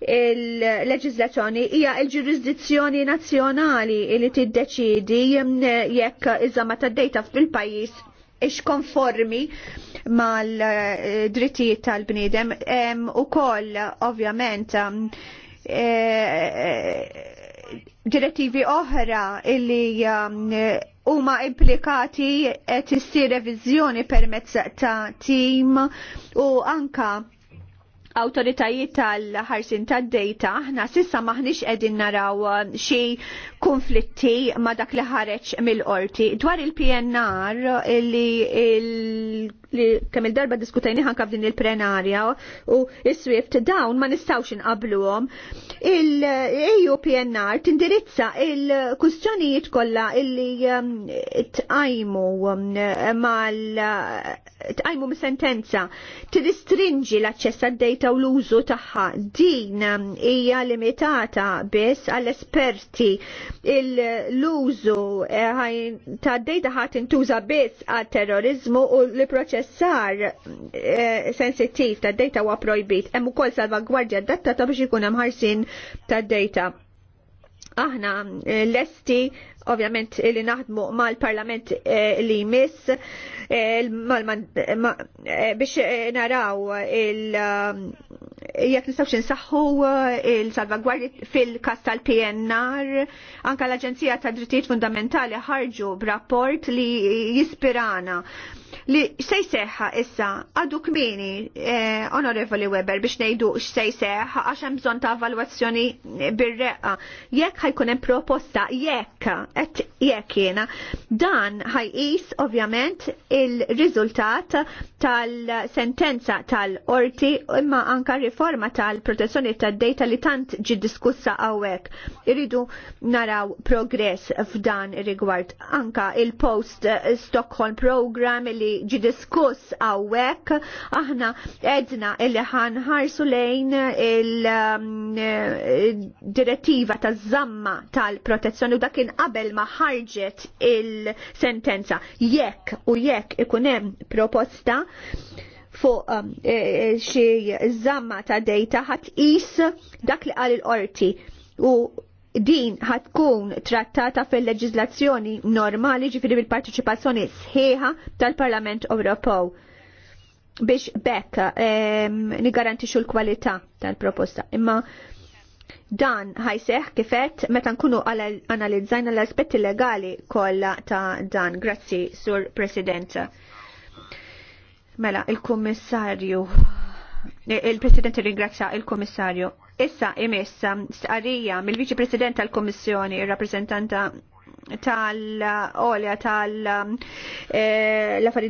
il-leġizlazzjoni hija l-ġurisdizzjoni il nazzjonali li tiddeċidi um, jekk iżamma tad-dejta fil-pajjiż ix konformi mal-drittijiet tal-bnidem u koll ovvjament e, e, direttivi oħra illi huma implikati qed issir reviżjoni permezz ta' tim u anka autoritajiet tal-ħarsin tad-dejta, aħna sissa maħniex qegħdin naraw eh, xi konflitti ma dak li ħareġ mill-qorti. Dwar il-PNR li il li kemm il-darba diskutajni ħanka f'din il-plenarja u s-Swift dawn ma nistawx inqabluhom. Il-EU PNR tindirizza il-kustjonijiet kollha illi um, tqajmu um, mal tqajmu mis-sentenza tiristringi l-aċċess għad-dejta u l-użu tagħha. Din um, hija limitata biss għall-esperti l-użu eh, ta' dejta ħadd intuża biss għat terrorizmu u l-proċess il eh, sensitiv ta' data huwa projbit, hemm ukoll salvagwardja adattata biex ikun hemm ħarsin ta' data. Aħna eh, lesti ovvjament li naħdmu mal-parlament eh, li jmiss biex naraw il- jekk nistawx insaħħu eh, il salvagwardi fil-kas tal-PNR, anka l-Aġenzija ta' Drittijiet Fundamentali ħarġu b'rapport li jispirana li xsej seħħa issa għadu kmini eh, onorevoli Weber biex nejdu xsej seħħa għax hemm bżonn ta' valwazzjoni bir-reqqa. Jekk ħajkun hemm proposta jekk et jekk jiena dan ħajqis ovvjament il-riżultat tal-sentenza tal-qorti imma anka riforma riforma tal-protezzjoni tad-data li tant ġi diskussa għawek. Iridu naraw progress f'dan rigward anka il-post eh, Stockholm program li ġi diskuss għawek. aħna edna illi ħarsu lejn il-direttiva um, eh, taż zamma tal-protezzjoni u dakin qabel ma ħarġet il-sentenza jekk u jekk ikun hemm proposta fuq um, e, e, xi żamma ta' dejta ħat is dak li qal il-qorti u din ħatkun trattata fil-leġizlazzjoni normali ġifiri bil-parteċipazzjoni sħiħa tal-Parlament Ewropew biex bekk nigarantixu l-kwalità tal-proposta. Imma dan ħajseħ kifet meta nkunu analizzajna l-aspetti legali kollha ta' dan. Grazzi, Sur President. Mela, il-Kummissarju, il-President ringrazzja il-Kummissarju. Issa imessa stqarrija mill-Viċi President tal-Kommissjoni, il-rappreżentanta tal-olja tal-affarijiet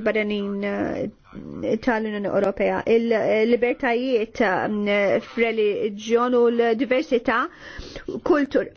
eh, barranin eh, tal-Unjoni Ewropea. Il-libertajiet eh, f-religjon u l-diversità kultur